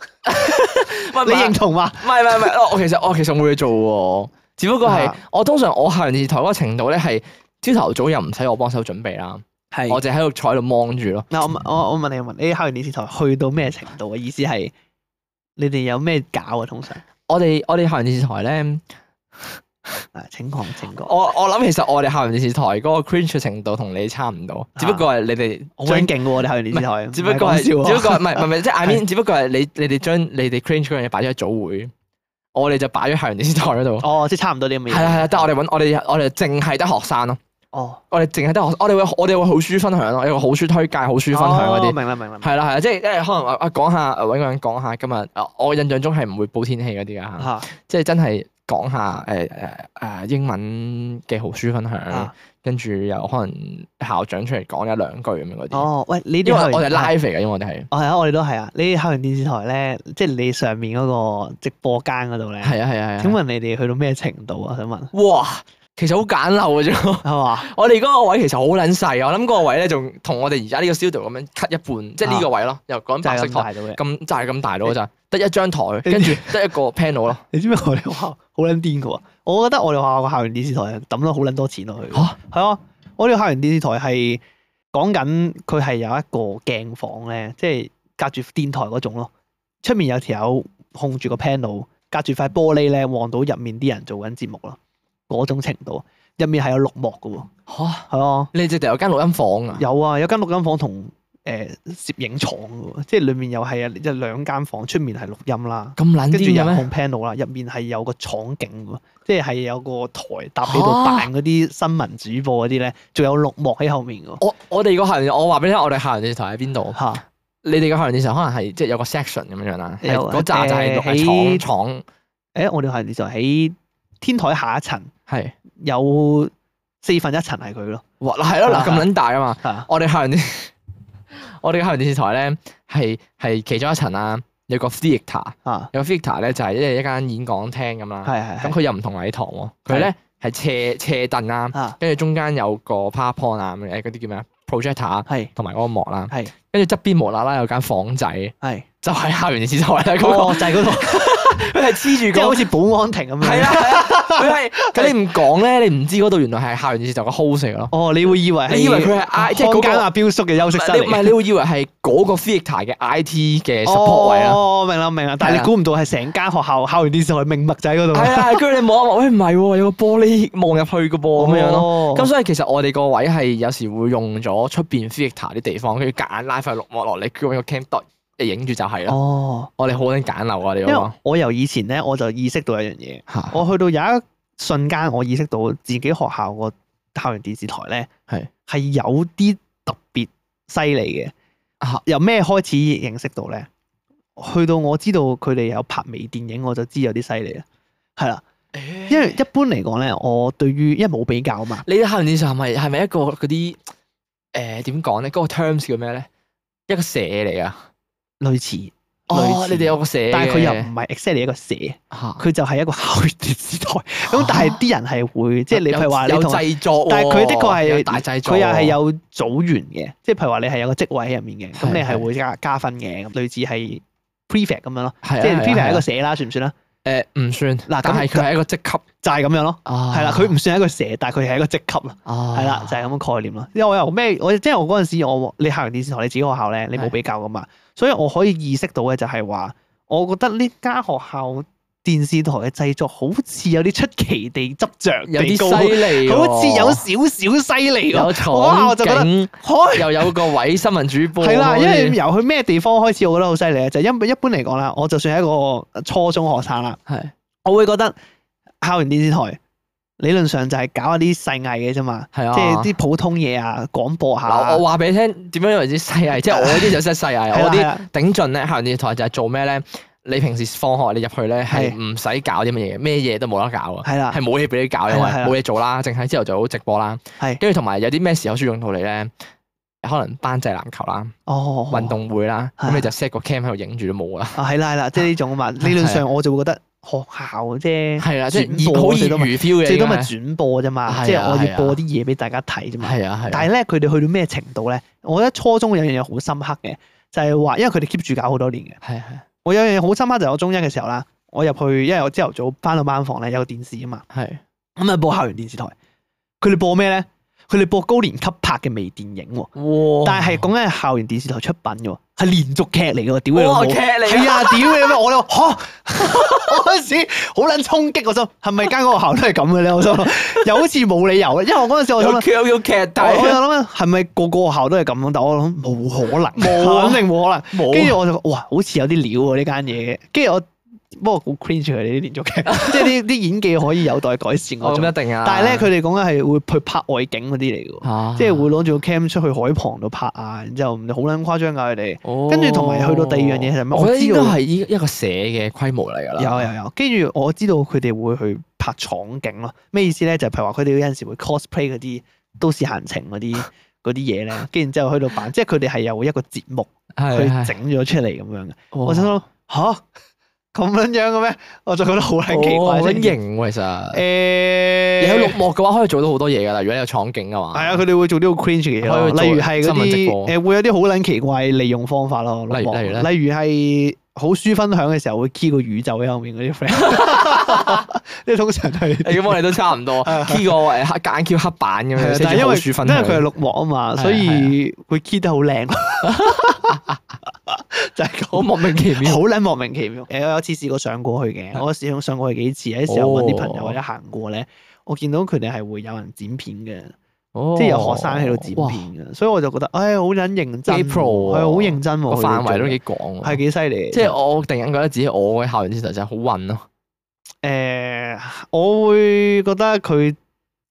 唔 你認同嘛？唔係唔係唔係，我其實我其實我冇嘢做喎，只不過係 我通常我校園電視台嗰個程度咧，係朝頭早又唔使我幫手準備啦，係是我就喺度坐喺度望住咯。嗱， 我我我問你問，你校園電視台去到咩程度啊？意思係你哋有咩搞啊？通常 我哋我哋校園電視台咧。誒，請講，請講！我我諗其實我哋校園電視台嗰個 cringe 程度同你差唔多，只不過係你哋真勁喎！我哋校園電視台，只不過係，只不過唔係唔係，即係 I mean，只不過係你你哋將你哋 cringe 嗰樣嘢擺咗喺早會，我哋就擺咗校園電視台嗰度。哦，即係差唔多啲咁嘅嘢。係啊係啊，但係我哋搵我哋我哋淨係得學生咯。哦，我哋淨係得學，我哋會我哋會好書分享咯，有個好書推介、好書分享嗰啲。明啦明啦，係啦係啊，即係即係可能我講下搵個人講下今日。我印象中係唔會報天氣嗰啲噶吓，即係真係。講下誒誒誒英文嘅好書分享，跟住又可能校長出嚟講一兩句咁樣嗰啲。哦，喂，你呢個我哋 live 嘅？因為我哋係，哦，係啊，我哋都係啊。你校園電視台咧，即係你上面嗰個直播間嗰度咧，係啊係啊。啊。請問你哋去到咩程度啊？想問。哇，其實好簡陋嘅啫，係嘛？我哋嗰個位其實好撚細啊！我諗嗰個位咧仲同我哋而家呢個 studio 咁樣 cut 一半，即係呢個位咯，又講台咁大咁大咯，就得一張台，跟住得一個 panel 咯。你知唔知我哋話？好撚癲噶我覺得我哋學校、啊啊、個校園電視台抌咗好撚多錢落去。嚇，係啊！我哋校園電視台係講緊佢係有一個鏡房咧，即係隔住電台嗰種咯。出面有條友控住個 panel，隔住塊玻璃咧，望到入面啲人做緊節目咯。嗰種程度，入面係有綠幕噶喎。嚇，係啊！啊你直頭有間錄音房啊？有啊，有間錄音房同。誒攝影廠喎，即係裡面又係啊，有兩間房，出面係錄音啦，咁撚跟住有 control panel 啦，入面係有個廠景喎，即係係有個台搭喺度扮嗰啲新聞主播嗰啲咧，仲有綠幕喺後面喎。我我哋個客人，我話俾你聽，我哋客人電視台喺邊度？哈，你哋嘅客人電視台可能係即係有個 section 咁樣樣啦，嗰扎就係喺廠廠。誒，我哋客人電視台喺天台下一層，係有四分一層係佢咯。哇，嗱係咯，嗱咁撚大啊嘛。我哋客人。我哋嘅校園電視台咧，係係其中一層啦，有個 theater，有個 theater 咧就係一一間演講廳咁啦。係係、啊。咁佢又唔同禮堂喎，佢咧係斜斜凳啦，跟住中間有個 power point 啊、哎，誒嗰啲叫咩啊，projector 係，同埋嗰個幕啦，係。跟住側邊無喇喇有間房仔，係，就係校園電視台喺嗰、那個、哦、就嗰、是、度，佢係黐住，即係好似保安亭咁樣、啊。佢係，咁你唔講咧，你唔知嗰度原來係校園電視台 hold 成咯。哦，你會以為係以為佢係 IT，即係嗰間阿標叔嘅休息室。唔係，你會以為係嗰個 f i c t e r 嘅 IT 嘅 support 位啊。哦，明啦明啦，但係你估唔到係成間學校校園電視台命脈仔嗰度。係啊，跟住你望一望，唔係喎，有個玻璃望入去嘅噃咁樣咯。咁所以其實我哋個位係有時會用咗出邊 f i c t e r 啲地方，佢住夾硬拉塊綠幕落嚟，叫個 cam p 然。影住就係咯。哦，我哋好搵揀樓啊！你。因為我由以前咧，我就意識到一樣嘢。吓，我去到有一瞬間，我意識到自己學校個校園電視台咧，係係有啲特別犀利嘅。啊，由咩開始認識到咧？去到我知道佢哋有拍微電影，我就知有啲犀利啦。係啦，因為一般嚟講咧，我對於因為冇比較啊嘛。你啲校園電視係咪係咪一個嗰啲誒點講咧？嗰個 terms 叫咩咧？一個社嚟啊！類似哦，你哋有個社，但係佢又唔係 exactly 一個社，佢就係一個校園電視台。咁但係啲人係會，即係你譬如話有製作，但係佢的確係大製作，佢又係有組員嘅，即係譬如話你係有個職位喺入面嘅，咁你係會加加分嘅，類似係 prefect 咁樣咯，即係 prefect 係一個社啦，算唔算咧？誒唔算，嗱，但係佢係一個職級，就係咁樣咯。係啦，佢唔算係一個社，但係佢係一個職級咯。係啦，就係咁嘅概念咯。因為我有咩，我即係我嗰陣時，我你校園電視台，你自己學校咧，你冇比較噶嘛。所以我可以意識到嘅就係話，我覺得呢間學校電視台嘅製作好似有啲出奇地執着，有啲犀利，好似有少少犀利。我我就覺得，又有個位 新聞主播。係啦，因為由去咩地方開始，我覺得好犀利，就因為一般嚟講啦，我就算係一個初中學生啦，係的，我會覺得校園電視台。理論上就係搞一啲細藝嘅啫嘛，即係啲普通嘢啊，廣播下。嗱，我話俾你聽，點樣為之細藝？即係我啲就真細藝，我啲頂盡咧。校園電視台就係做咩咧？你平時放學你入去咧係唔使搞啲乜嘢，咩嘢都冇得搞㗎，係啦，係冇嘢俾你搞，因為冇嘢做啦，淨係朝頭早好直播啦，係跟住同埋有啲咩時候需要用到你咧？可能班際籃球啦，哦，運動會啦，咁你就 set 個 cam 喺度影住都冇啦。係啦，係啦，即係呢種嘛。理論上我就會覺得。學校啫，係啊，即係好以娛 feel 嘅，最多咪轉播啫嘛，即係我要播啲嘢俾大家睇啫嘛。係啊係。啊但係咧，佢哋、啊、去到咩程度咧？我覺得初中有樣嘢好深刻嘅，就係、是、話，因為佢哋 keep 住搞好多年嘅。係係、啊。我有樣嘢好深刻就我中一嘅時候啦，我入去，因為我朝頭早翻到班房咧有個電視啊嘛。係、啊。咁、嗯、啊播校園電視台，佢哋播咩咧？佢哋播高年級拍嘅微電影喎，哇但係講緊係校園電視台出品嘅，係連續劇嚟嘅，屌你老母，係啊， 屌你咩？我諗、啊， 我嗰陣時好捻衝擊，我心係咪間個學校都係咁嘅咧？我心又好似冇理由，因為我嗰陣時我諗劇又要劇底，我又諗係咪個個學校都係咁？但我諗冇可能，冇肯定冇可能，跟住、啊、我就哇，好似有啲料啊呢間嘢，跟住我。不過好 cringe 住佢哋啲連續劇，即係啲啲演技，可以有待改善。哦，咁一定啊！但係咧，佢哋講緊係會去拍外景嗰啲嚟嘅，即係會攞住個 cam 出去海旁度拍啊，然之後好卵誇張噶佢哋。跟住同埋去到第二樣嘢係咩？我知道係依、哦哦、一個社嘅規模嚟噶啦。有有有，跟住我知道佢哋會去拍廠景咯。咩意思咧？就係話佢哋有陣時會 cosplay 嗰啲都市閒情嗰啲啲嘢咧，跟住之後去到扮，即係佢哋係有一個節目去整咗出嚟咁樣嘅。哦哦、我想諗吓。咁樣樣嘅咩？我就覺得好撚奇怪，好、哦、型其實。誒、欸，而喺綠幕嘅話，可以做到好多嘢噶啦。如果有場景嘅話，係啊，佢哋會做呢好 cringe 嘅嘢，例如係嗰啲誒，會有啲好撚奇怪利用方法咯。例如例如係。好書分享嘅時候會 key 個宇宙喺後面嗰啲 friend，即係通常係， 我哋都差唔多 key 個誒夾眼鍵黑板咁樣，但係 因為因為佢係綠幕啊嘛，所以會 key 得好靚， 就係咁、那個、莫名其妙，好靚莫名其妙。誒， 我有一次試過上過去嘅， 我試過上過去幾次，喺 時候搵啲朋友或者行過咧， 我見到佢哋係會有人剪片嘅。即係有學生喺度剪片嘅，哇所以我就覺得，哎，好撚認真，係好、啊、認真、啊，個範圍都幾廣，係幾犀利。即係我突然間覺得自己我嘅校園現實好運咯、啊。誒、呃，我會覺得佢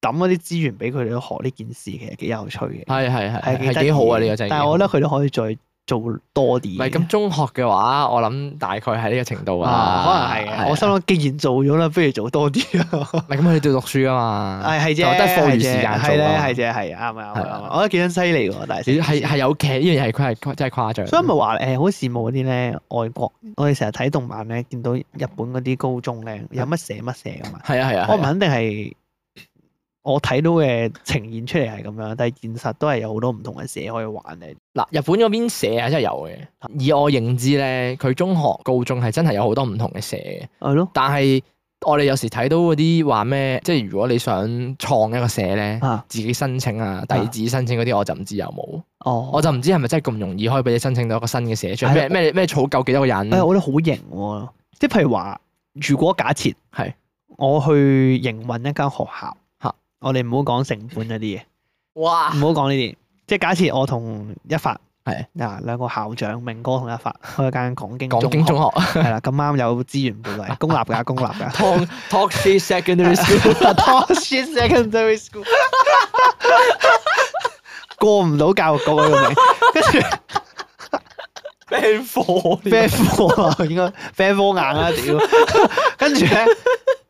抌一啲資源俾佢哋去學呢件事，其實幾有趣嘅。係係係係幾好啊！呢、這個但係我覺得佢都可以再。做多啲，唔係咁中學嘅話，我諗大概係呢個程度啊，可能係。 我心諗既然做咗啦，不如做多啲啊。唔係咁佢讀讀書啊嘛，係係啫，都 係課餘時間做咯，係啫係啱啊！我，的我覺得幾撚犀利喎，大師係係有劇呢樣嘢係真係誇張。所以咪話誒好羨慕嗰啲咧外國，我哋成日睇動漫咧，見到日本嗰啲高中咧有乜寫乜寫啊嘛。係啊係啊，我唔肯定係。我睇到嘅呈現出嚟係咁樣，但係現實都係有好多唔同嘅社可以玩你嗱，日本嗰邊社啊，真係有嘅。以我認知咧，佢中學、高中係真係有好多唔同嘅社係咯，但係我哋有時睇到嗰啲話咩，即係如果你想創一個社咧，的自己申請啊，弟子申請嗰啲，我就唔知有冇。哦，我就唔知係咪真係咁容易可以俾你申請到一個新嘅社？即係咩咩咩，湊夠幾多個人？我覺得好型喎。即係譬如話，如果假設係我去營運一間學校。我哋唔好講成本嗰啲嘢，哇！唔好講呢啲，即係假設我同一發係嗱，兩個校長明哥同一發開間講經講經中學，係啦咁啱有資源，部來公立噶，公立噶、啊。Talk shit secondary school，talk shit secondary school， 過唔到教育局嗰個名，跟住咩科咩科啊？應該咩科硬啊？屌， 跟住咧。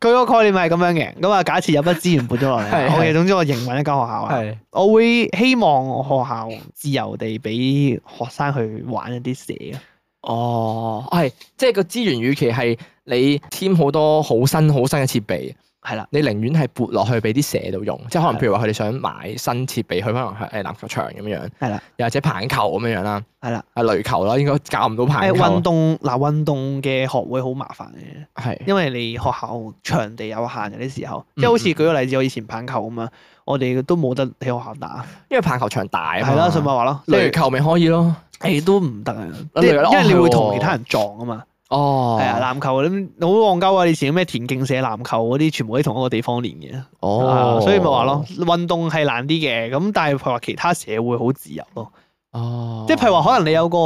佢個概念咪係咁樣嘅，咁啊，假設有乜資源撥咗落嚟，我嘅 的、okay, 總之我營運一間學校，的我會希望學校自由地俾學生去玩一啲嘢啊。哦，係，即係個資源，與其係你添好多好新好新嘅設備。係啦，你寧願係撥落去俾啲社度用，即係可能譬如話佢哋想買新設備，去可能係誒籃球場咁樣樣，又的或者棒球咁樣樣啦，係啦的，誒壘球啦，應該搞唔到棒球。誒運動嗱、啊、運動嘅學會好麻煩嘅，係的因為你學校場地有限，有啲時候，嗯嗯即係好似舉個例子，我以前棒球咁啊，我哋都冇得喺學校打，因為棒球場大。係啦，順話話咯，壘球咪可以咯，誒、欸、都唔得啊，因為你會同其他人撞啊嘛。哦，係啊！籃球你好戇鳩啊！以前咩田徑社、籃球嗰啲，全部都喺同一個地方練嘅。哦、啊，所以咪話咯，運動係難啲嘅。咁但係譬如話其他社會好自由咯。哦，即係譬如話，可能你有個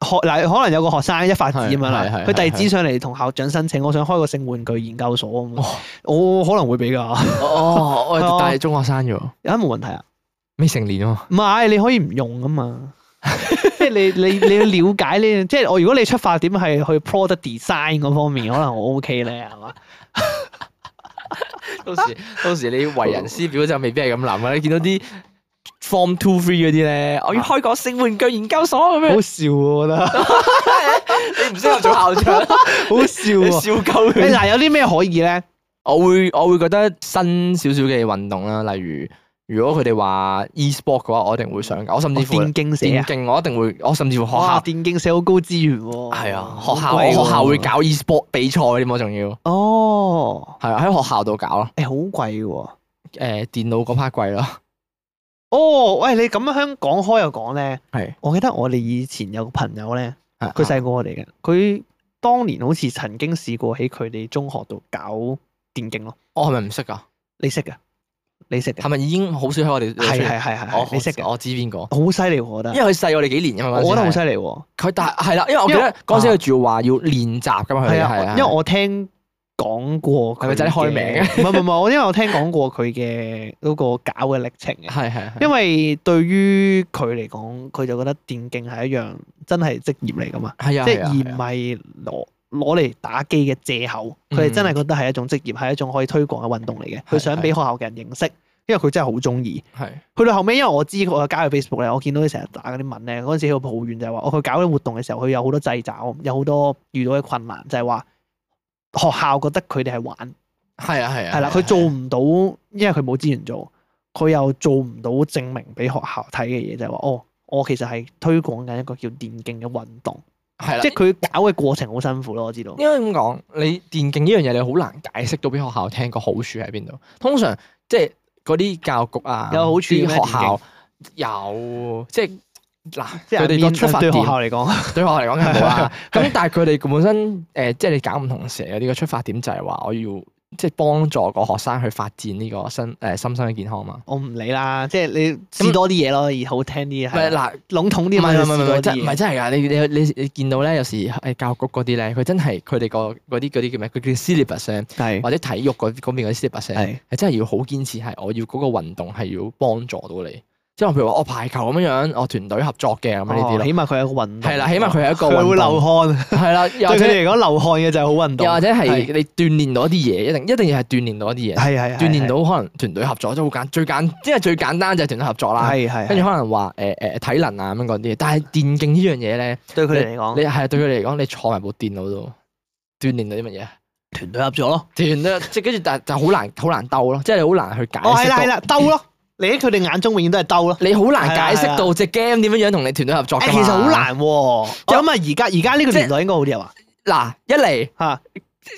學嗱，可能有個學生一發紙啊，佢遞紙上嚟同校長申請，我想開個性玩具研究所，咁我可能會俾㗎。 哦，但係中學生啫喎， 有得冇問題啊？未成年喎。唔係，你可以唔用㗎嘛。即係 你你你要了解呢？ 即係我如果你出發點係去 product design 嗰方面，可能我 OK 咧，係嘛？到時到時你為人師表就未必係咁諗啦。你見到啲 form two three 嗰啲咧， 我要開個性玩具研究所咁樣，好笑啊！我覺得 你唔適合做校長，好笑笑夠你嗱， 但有啲咩可以咧？ 我會我會覺得新少少嘅運動啦，例如。如果佢哋話 e-sport 嘅話，我一定會想搞。我甚至乎電競、啊，電競我一定會。我甚至乎學校電競社好高資源喎，係啊，學校、啊、學校會搞 e-sport 比賽添，我仲要。哦，係啊，喺學校度搞咯。誒、欸，好貴嘅喎。誒、欸，電腦嗰 part 貴咯。哦，喂，你咁樣講開又講咧，係。我記得我哋以前有個朋友咧，佢細過我哋嘅，佢當年好似曾經試過喺佢哋中學度搞電競咯。我係咪唔識啊？你識啊？你識係咪已經好少喺我哋？係係係係，你識嘅，我知邊個好犀利，我覺得。因為佢細我哋幾年㗎嘛。我覺得好犀利喎。佢但係係啦，因為我記得嗰陣時佢仲話要練習㗎嘛。係啊，因為我聽講過。係咪真開名？唔係唔係，我因為我聽講過佢嘅嗰個搞嘅歷程。係係。因為對於佢嚟講，佢就覺得電競係一樣真係職業嚟㗎嘛。係啊。即係而唔係攞攞嚟打機嘅借口，佢哋真係覺得係一種職業，係一種可以推廣嘅運動嚟嘅。佢想俾學校嘅人認識，因為佢真係好中意。係是的 去到後尾，因為我知佢我加佢 Facebook 咧，我見到佢成日打嗰啲文咧，嗰陣時佢抱怨就係話，我佢搞啲活動嘅時候，佢有好多掣肘，有好多遇到嘅困難，就係話學校覺得佢哋係玩。係啊係啊，係啦，佢做唔到，因為佢冇資源做，佢又做唔到證明俾學校睇嘅嘢，就係話哦，我其實係推廣緊一個叫電競嘅運動。係啦，即係佢搞嘅過程好辛苦咯，我知道。因為咁講，你電競呢樣嘢你好難解釋到俾學校聽個好處喺邊度。通常即係嗰啲教育局啊，有好處學校有即係嗱，即係佢哋個出發點對學校嚟講， 對學校嚟講係冇啊。咁但係佢哋本身誒，即係你搞唔同社嘅呢個出發點就係話我要。即係幫助個學生去發展呢個心身心嘅健康嘛。我唔理啦，即係你知那多啲嘢咯，而好聽啲。唔係嗱，籠統啲唔係唔係唔係，真係唔係真係㗎。你你你你見到咧，有時誒教育局嗰啲咧，佢真係佢哋個嗰啲嗰啲叫咩？佢叫 syllabus，或者體育嗰嗰邊嘅 syllabus，係真係要好堅持係，我要嗰個運動係要幫助到你。一會即係譬如話我排球咁樣樣，我團隊合作嘅咁樣呢啲咯。起碼佢係一個運動係啦，起碼佢係一個。佢會流汗，係啦。對佢哋嚟講，流汗嘅就係好運動。又或者係你鍛煉到一啲嘢，一定一定要係鍛煉到一啲嘢。係係。鍛煉到可能團隊合作，即係好簡最簡，因為最簡單就係團隊合作啦。係係。跟住可能話誒誒體能啊咁樣嗰啲，但係電競呢樣嘢咧，對佢哋嚟講，你係啊，對佢哋嚟講，你坐埋部電腦度鍛煉到啲乜嘢？團隊合作咯，團即係跟住但係就好難好難鬥咯，即係你好難去解。係啦係啦鬥咯。你喺佢哋眼中永遠都係兜咯，你好難解釋到隻 game 點樣樣同你團隊合作。誒，其實好難喎。咁啊，而家而家呢個年代應該好啲啊。嗱，一嚟吓，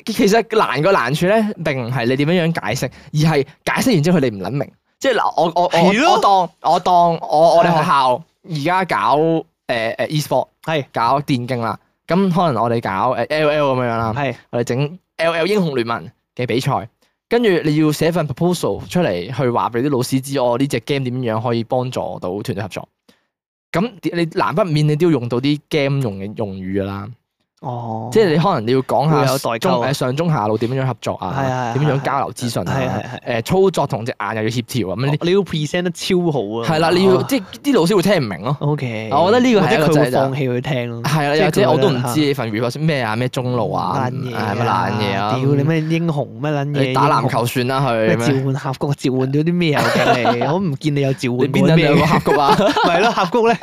其實難個難處咧，並唔係你點樣樣解釋，而係解釋完之後佢哋唔諗明。即係嗱，我我我我當我當我我哋學校而家搞誒誒 e-sport 係搞電競啦，咁可能我哋搞誒 L. L. 咁樣樣啦，係我哋整 L. L. 英雄聯盟嘅比賽。跟住你要寫份 proposal 出嚟，去話畀啲老師知，哦，呢隻 game 點樣可以幫助到團隊合作。咁你難不免你都要用到啲 game 用嘅用語㗎啦。哦，即係你可能你要講下有中誒上中下路點樣合作啊，點樣交流資訊啊，誒操作同隻眼又要協調啊，咩你要 present 得超好啊，係啦，你要即係啲老師會聽唔明咯。O K，我覺得呢個係一個責任，或者佢會放棄去聽咯。係啦，即或我都唔知份 report 咩啊咩中路啊，係乜爛嘢啊？屌你咩英雄咩撚嘢？你打籃球算啦佢。召喚峽谷召喚到啲咩有驚我唔見你有召喚到咩峽谷啊？係咯，峽谷咧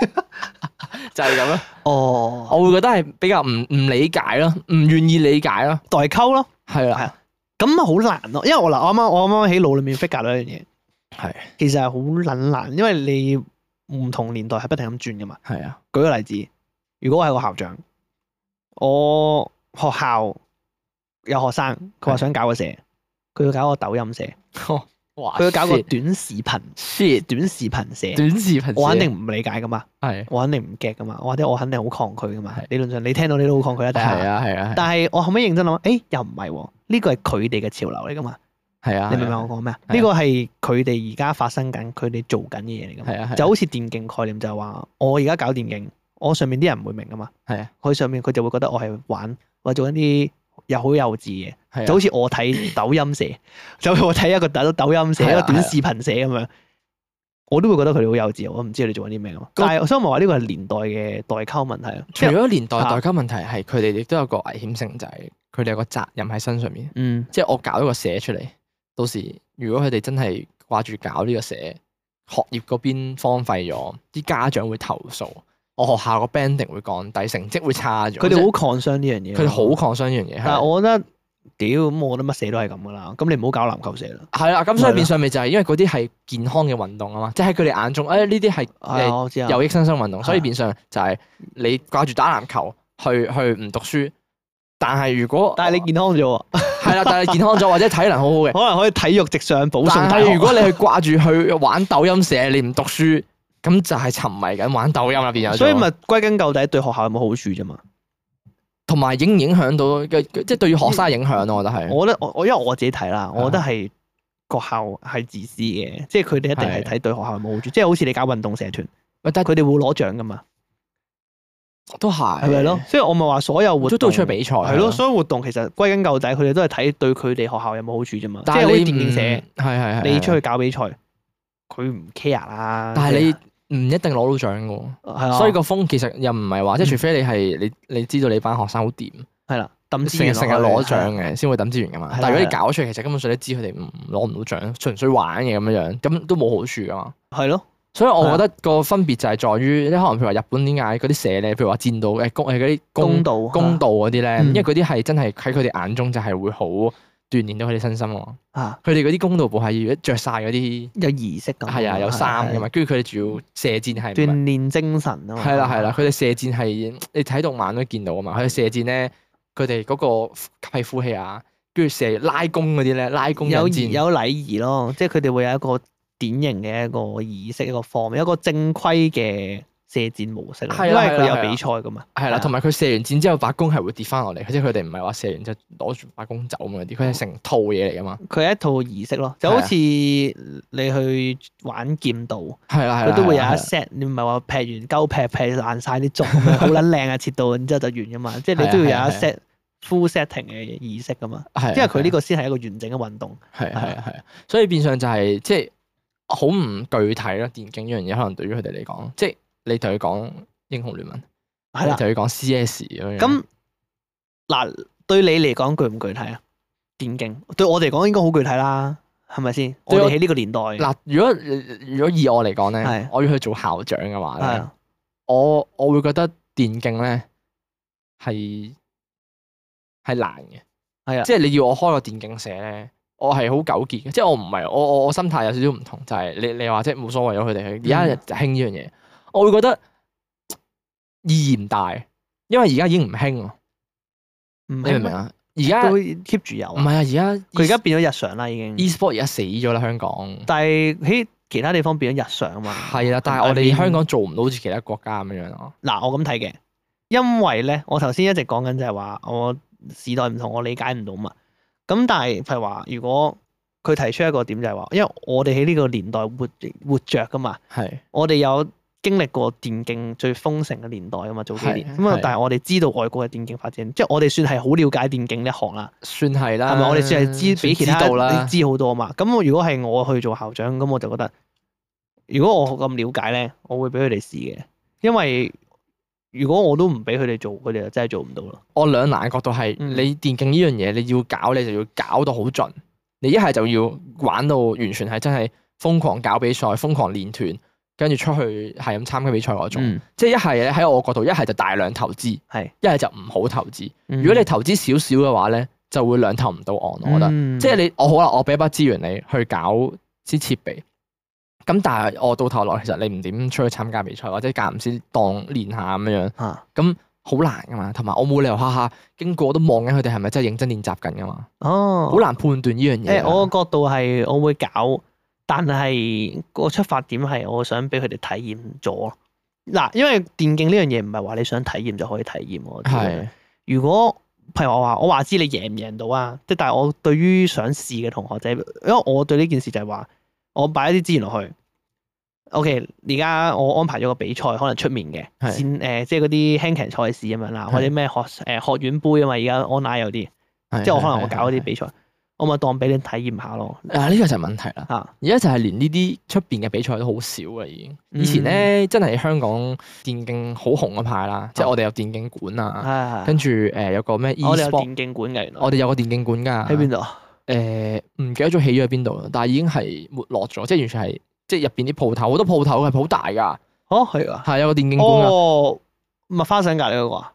就係咁咯。哦，我會覺得係比較唔唔。理解咯，唔願意理解咯，代溝咯，係啊，係，咁好難咯，因為我嗱，我啱啱我啱啱喺腦裏面 figure 到一樣嘢，係的，其實好捻難，因為你唔同年代係不停咁轉噶嘛，係啊的，舉個例子，如果我係個校長，我學校有學生佢話想搞個社，佢的要搞個抖音社。 佢搞個短視頻，短視頻寫，短視頻，我肯定唔理解噶嘛，係，我肯定唔激噶嘛，或者我肯定好抗拒噶嘛。理論上你聽到你都好抗拒啊，但係，係啊係啊。但係我後尾認真諗，誒，又唔係，呢個係佢哋嘅潮流嚟噶嘛，係啊。你明唔明我講咩啊？呢個係佢哋而家發生緊，佢哋做緊嘅嘢嚟噶嘛。就好似電競概念，就係話我而家搞電競，我上面啲人唔會明噶嘛，係啊。佢上面佢就會覺得我係玩或者做緊啲。又好幼稚嘅，啊、就好似我睇抖音社， 就好似我睇一個打抖音社， 一個短視頻社咁樣， 我都會覺得佢哋好幼稚。我唔知你做緊啲咩咯，個但係我想我咪話呢個係年代嘅代溝問題咯。除咗年代代溝問題，係佢哋亦都有個危險性就係，佢哋有個責任喺身上面。嗯，即係我搞一個社出嚟，到時如果佢哋真係掛住搞呢個社，學業嗰邊荒廢咗，啲家長會投訴。我學校個 banding 會降低，成績會差咗。佢哋好抗傷呢樣嘢，佢哋好抗傷呢樣嘢。但係我覺得屌，咁是我覺得乜社都係咁噶啦。咁你唔好搞籃球社啦。係啦，咁所以變相咪就係因為嗰啲係健康嘅運動啊嘛，即係喺佢哋眼中，誒呢啲係有益身心運動。所以變相就係你掛住打籃球去去唔讀書，但係如果但係你健康咗，係 啦，但係健康咗或者體能好好嘅， 可能可以體育直上保送。但係如果你係掛住去玩抖音社，你唔讀書。咁就係沉迷緊玩抖音入面，變咗。所以咪歸根究底對學校有冇好處啫嘛？同埋影唔影響到，即係對於學生嘅影響，我覺得係。我覺得我因為我自己睇啦，我覺得係學校係自私嘅，即係佢哋一定係睇對學校有冇好處。即係好似你搞運動社團，但係佢哋會攞獎噶嘛？都係係咪咯？所以我咪話所有活動都出去比賽係咯。所有活動其實歸根究底，佢哋都係睇對佢哋學校有冇好處啫嘛。即係好似電競社，係係你出去搞比賽，佢唔 care 啦。但係你。唔一定攞到獎嘅，啊、所以個風其實又唔係話，即係、嗯、除非你係你你知道你班學生好掂，係啦、啊，揼資源成日攞獎嘅，先會揼資源噶嘛。啊啊、但係如果你搞出嚟，其實根本上都知佢哋唔攞唔到獎，純粹玩嘅咁樣樣，咁都冇好處噶嘛。係咯、啊，啊、所以我覺得個分別就係在於，即係可能譬如話日本點解嗰啲社咧，譬如話戰道誒嗰啲公道、啊、公道嗰啲咧，嗯、因為嗰啲係真係喺佢哋眼中就係會好。鍛鍊到佢哋身心喎，啊！佢哋嗰啲弓道部係要一着晒嗰啲有儀式咁，係啊有衫噶嘛，跟住佢哋仲要射箭係鍛鍊精神咯，係啦係啦，佢哋、啊、射箭係你睇動漫都見到啊嘛，佢哋、嗯、射箭咧，佢哋嗰個吸氣呼氣啊，跟住射拉弓嗰啲咧，拉弓有有禮儀咯，即係佢哋會有一個典型嘅一個儀式一個方面，一個正規嘅。射箭模式，因為佢有比賽噶嘛。係啦、啊，同埋佢射完箭之後，把弓係會跌翻落嚟。即係佢哋唔係話射完之後就攞住把弓走咁啲，佢係成套嘢嚟噶嘛。佢係一套儀式咯，就好似你去玩劍道，係啦、啊，佢都會有一 set。你唔係話劈完勾，完勾完劈完劈爛晒啲竹，好撚靚啊，切到，然之後就完噶嘛。即係你都要有一 set full setting 嘅儀式噶嘛。因為佢呢個先係一個完整嘅運動。係啊係、啊啊、所以變相就係、是、即係好唔具體咯。電競呢樣嘢可能對於佢哋嚟講， 即係。你同佢講英雄聯盟，係啦的，同佢講 C S 咁樣。咁嗱、嗯，對你嚟講具唔具體啊？電競對我嚟講應該好具體啦，係咪先？對我哋喺呢個年代。嗱、呃，如果如果以我嚟講咧，的我要去做校長嘅話咧，的我我會覺得電競咧係係難嘅。係啊的，即係你要我開個電競社咧，我係好糾結嘅。即係我唔係我我我心態有少少唔同，就係、是、你你話即係冇所謂咗，佢哋去而家就興呢樣嘢。我會覺得意義唔大，因為而家已經唔興咯。不行 你明唔明在啊？而家都 keep 住有，唔係啊？而家佢而家變咗日常啦，已經。E-sport 而家死咗啦，香港。但係喺其他地方變咗日常啊嘛。係啦、啊，但係我哋香港做唔到好似其他國家咁樣咯。嗱、啊，我咁睇嘅，因為咧，我頭先一直講緊就係話，我時代唔同，我理解唔到嘛。咁但係譬如話，如果佢提出一個點就係話，因為我哋喺呢個年代活活着噶嘛，係是我哋有。經歷過電競最豐盛嘅年代啊嘛，早幾年咁啊，但係我哋知道外國嘅電競發展，即係我哋算係好了解電競呢行啦，是是算係啦，係咪我哋算係知知道啦，你知好多啊嘛。咁如果係我去做校長，咁我就覺得，如果我咁了解咧，我會俾佢哋試嘅，因為如果我都唔俾佢哋做，佢哋就真係做唔到咯。我兩難嘅角度係，嗯、你電競呢樣嘢你要搞，你就要搞到好盡，你一係就要玩到完全係真係瘋狂搞比賽，瘋狂練團。跟住出去係咁參加比賽嗰種，嗯、即係一係咧喺我角度，一係就大量投資，係一係就唔好投資。嗯、如果你投資少少嘅話咧，就會兩頭唔到岸。嗯、我覺得，即係你我好啦，我俾一筆資源你去搞啲設備，咁但係我到頭來其實你唔點出去參加比賽，或者間唔時當練下咁樣，咁好、啊、難噶嘛。同埋我冇理由一下一下經過我都望緊佢哋係咪真係認真練習緊噶嘛。哦，好難判斷呢樣嘢。我嘅角度係我會搞。但係、個出發點係我想俾佢哋體驗咗。嗱，因為電競呢樣嘢唔係話你想體驗就可以體驗喎。係的。如果譬如我話我話知你贏唔贏到啊？即係但係我對於想試嘅同學仔，因為我對呢件事就係話我擺一啲資源落去。OK，而家我安排咗個比賽，可能出面嘅的先誒、呃，即係嗰啲輕騎賽事咁樣啦，或者咩學誒、呃、學院杯啊嘛，而家 online 有啲，的的即係我可能我搞一啲比賽。的我咪當俾你體驗下咯，啊呢、這個就係問題啦。而家、啊、就係連呢啲出邊嘅比賽都好少嘅已經。以前咧、嗯、真係香港電競好紅嘅牌啦，啊、即係我哋有電競館啊，哎、跟住誒、呃、有個咩、e 啊？我哋有電競館嘅。我哋有個電競館㗎。喺邊度？誒，唔記得咗起咗喺邊度，但係已經係沒落咗，即係完全係即係入邊啲鋪頭，好多鋪頭係好大㗎。哦，係啊，係、啊、有個電競館㗎。哦，唔係花上隔籬嗰個。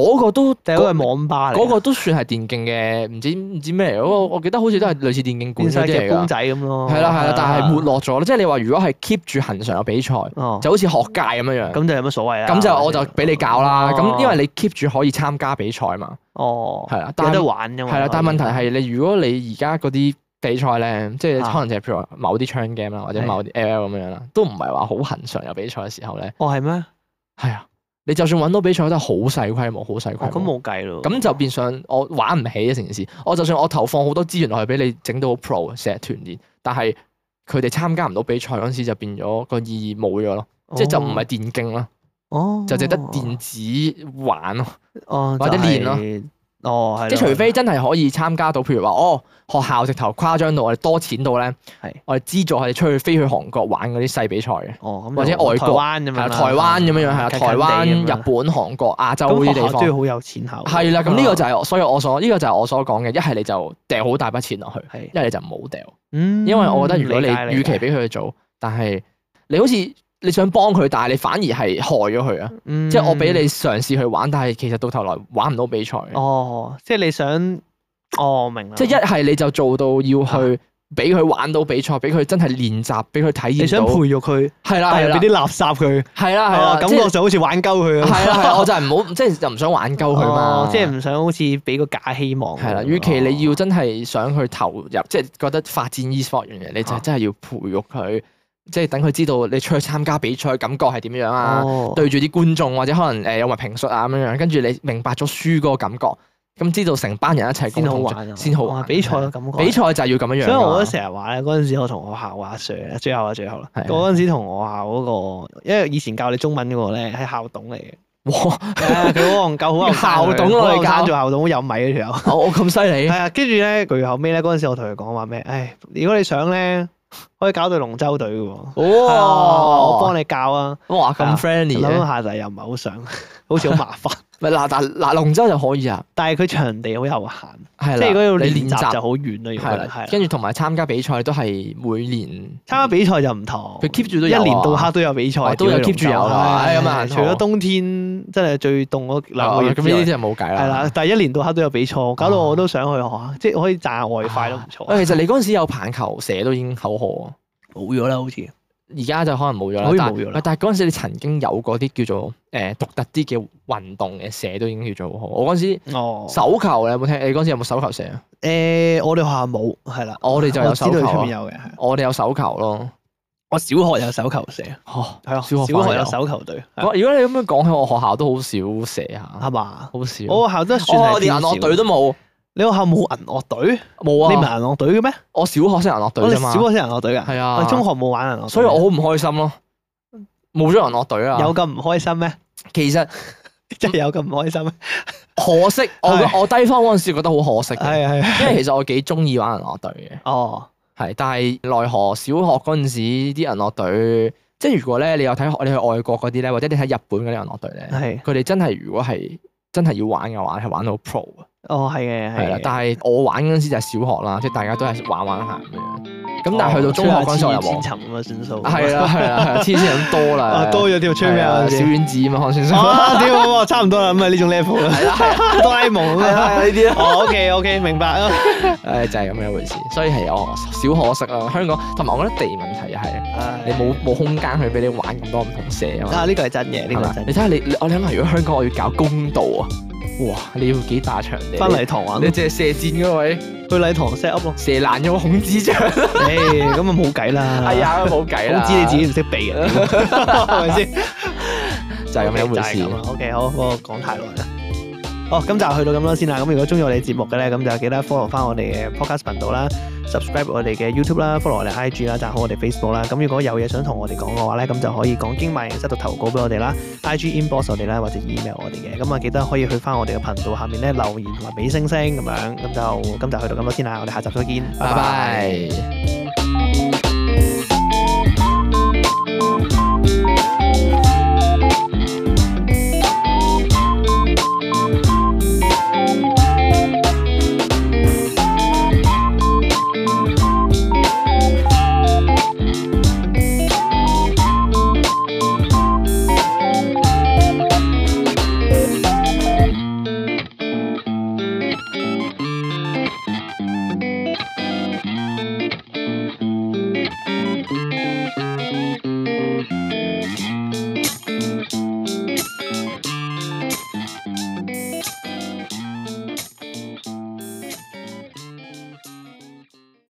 嗰個都嗰個網吧嚟，嗰個都算係電競嘅，唔知唔知咩嚟？嗰個我記得好似都係類似電競館嗰啲嘅公仔咁咯。係啦，係啦，但係沒落咗咯。即係你話如果係 keep 住恒常有比賽，就好似學界咁樣樣。咁就有乜所謂啦？咁就我就俾你教啦。咁因為你 keep 住可以參加比賽嘛。哦。係啊，但係玩啫嘛。係啦，但係問題係你如果你而家嗰啲比賽咧，即係可能就譬如話某啲槍 game 啦，或者某啲 L.L. 咁樣啦，都唔係話好恒常有比賽嘅時候咧。哦，係咩？係啊。你就算揾到比賽都係好細規模，好細規模。咁冇計咯，咁就變相我玩唔起啊！成件事，我就算我投放好多資源，落去俾你整到好 pro，成日團練，但係佢哋參加唔到比賽嗰時，就變咗個意義冇咗咯，哦、即係就唔係電競啦，哦，就淨得電子玩咯，哦、或者練咯。就是哦，即係除非真係可以參加到，譬如話，哦，學校直頭誇張到，我哋多錢到咧，係我哋資助係出去飛去韓國玩嗰啲細比賽嘅，哦，或者外國，台灣咁樣，台灣咁樣樣係啊，台灣、日本、韓國、亞洲嗰啲地方都好有錢下。係啦，咁呢個就係所以我所呢個就係我所講嘅，一係你就掟好大筆錢落去，係一係你就唔好掟，因為我覺得如果你預期俾佢做，但係你好似。你想幫佢，但係你反而係害咗佢啊！即係我俾你嘗試去玩，但係其實到頭來玩唔到比賽。哦，即係你想，哦，明啦。即係一係你就做到要去俾佢玩到比賽，俾佢真係練習，俾佢體驗。你想培育佢，係啦，係啦，俾啲垃圾佢，係啦，係啦，感覺就好似玩鳩佢啦。係啦，我就係唔好，即係就唔想玩鳩佢嘛，即係唔想好似俾個假希望。係啦，與其你要真係想去投入，即係覺得發展 eSport 嘅你就真係要培育佢。即係等佢知道你出去參加比賽感覺係點樣啊？對住啲觀眾或者可能誒有埋評述啊咁樣，跟住你明白咗輸嗰個感覺，咁知道成班人一齊先好玩，先好玩。比賽嘅感覺，比賽就係要咁樣。所以我都成日話咧，嗰陣時我同學校阿 Sir，最後啊最後啦，嗰陣時同學校嗰個，因為以前教你中文嗰個咧係校董嚟嘅。哇！佢好戇鳩，好校董嚟教，做校董好有米嘅條友。我咁犀利？係啊，跟住咧，佢後尾咧，嗰陣時我同佢講話咩？唉，如果你想咧。可以搞到龍舟隊嘅喎，哦，我幫你教啊！哇，咁 friendly，諗下但又唔係好想，好似好麻煩。嗱嗱嗱，龍舟就可以啊，但係佢場地好有限，係啦，即係如果要你練習就好遠啦，要係啦。跟住同埋參加比賽都係每年參加比賽就唔同，佢 keep 住都一年到黑都有比賽，都有 keep 住有啊。咁啊，除咗冬天真係最凍嗰兩個月，咁呢啲就冇計啦。係啦，但係一年到黑都有比賽，搞到我都想去學，即係可以賺下外快都唔錯。其實你嗰陣時有棒球射都已經好好。冇咗啦，好似而家就可能冇咗啦。但係嗰陣時你曾經有嗰啲叫做誒獨特啲嘅運動嘅社都已經叫做好。我嗰陣時哦，手球你有冇聽？你嗰陣時有冇手球社啊？誒，我哋學校冇，係啦。我哋就有手球啊！我哋有手球咯。我小學有手球社哦，係啊，小學有手球隊。如果你咁樣講起，我學校都好少社下，係嘛？好少。我學校都算係偏少，隊都冇。你學校冇銀樂隊？冇啊！你唔係銀樂隊嘅咩？我小學識銀樂隊啫嘛。小學識銀樂隊嘅。係啊。中學冇玩銀樂隊，所以我好唔開心咯。冇咗銀樂隊啊！有咁唔開心咩？其實即係有咁唔開心咩？可惜我我低方嗰陣時覺得好可惜嘅。係係。因為其實我幾中意玩銀樂隊嘅。哦，係，但係奈何小學嗰陣時啲銀樂隊，即係如果咧你有睇你去外國嗰啲咧，或者你睇日本嗰啲銀樂隊咧，係佢哋真係如果係真係要玩嘅話，係玩到 pro 哦，係嘅、oh，係啦，但係我玩嗰陣時就係小學啦，即係大家都係玩玩下咁樣。咁但係去到中學嗰陣就冇。黐線咁多啦，多咗條出名小丸子嘛，算數。啊，屌，差唔多啦，咁啊呢種 level 啦，係啦，係啦，多啦 A 夢咩啊呢啲。OK，OK，明白咯。誒，就係咁樣一回事，所以係我小可惜啦。香港，同埋我覺得地問題係，你冇冇空間去俾你玩咁多唔同蛇啊。啊，呢個係真嘅，呢個真。你睇下你，我諗下如果香港我要搞公道啊。哇！你要幾大場地啊？翻禮堂玩你淨係射箭嗰位去禮堂 set up 咯，啊，射爛咗孔子像，誒、 欸，咁啊冇計啦，係啊，哎，冇計啊，孔子你自己唔識避啊，係咪先？ 就係咁這樣 okay, 一回事。O、okay, K，好，好，我講太耐啦。哦，今集去到咁多先啦。咁如果中意我哋節目嘅咧，咁就記得 follow 翻我哋嘅 podcast 頻道啦，subscribe 我哋嘅 YouTube 啦，follow 我哋 IG 啦，讚好我哋 Facebook 啦。咁如果有嘢想同我哋講嘅話咧，咁就可以講經萬應室喺度投稿俾我哋啦，IG inbox 我哋啦，或者 email 我哋嘅。咁啊，記得可以去翻我哋嘅頻道下面咧留言同埋俾星星咁樣。咁就今集去到咁多先啦，我哋下集再見，拜拜。拜拜。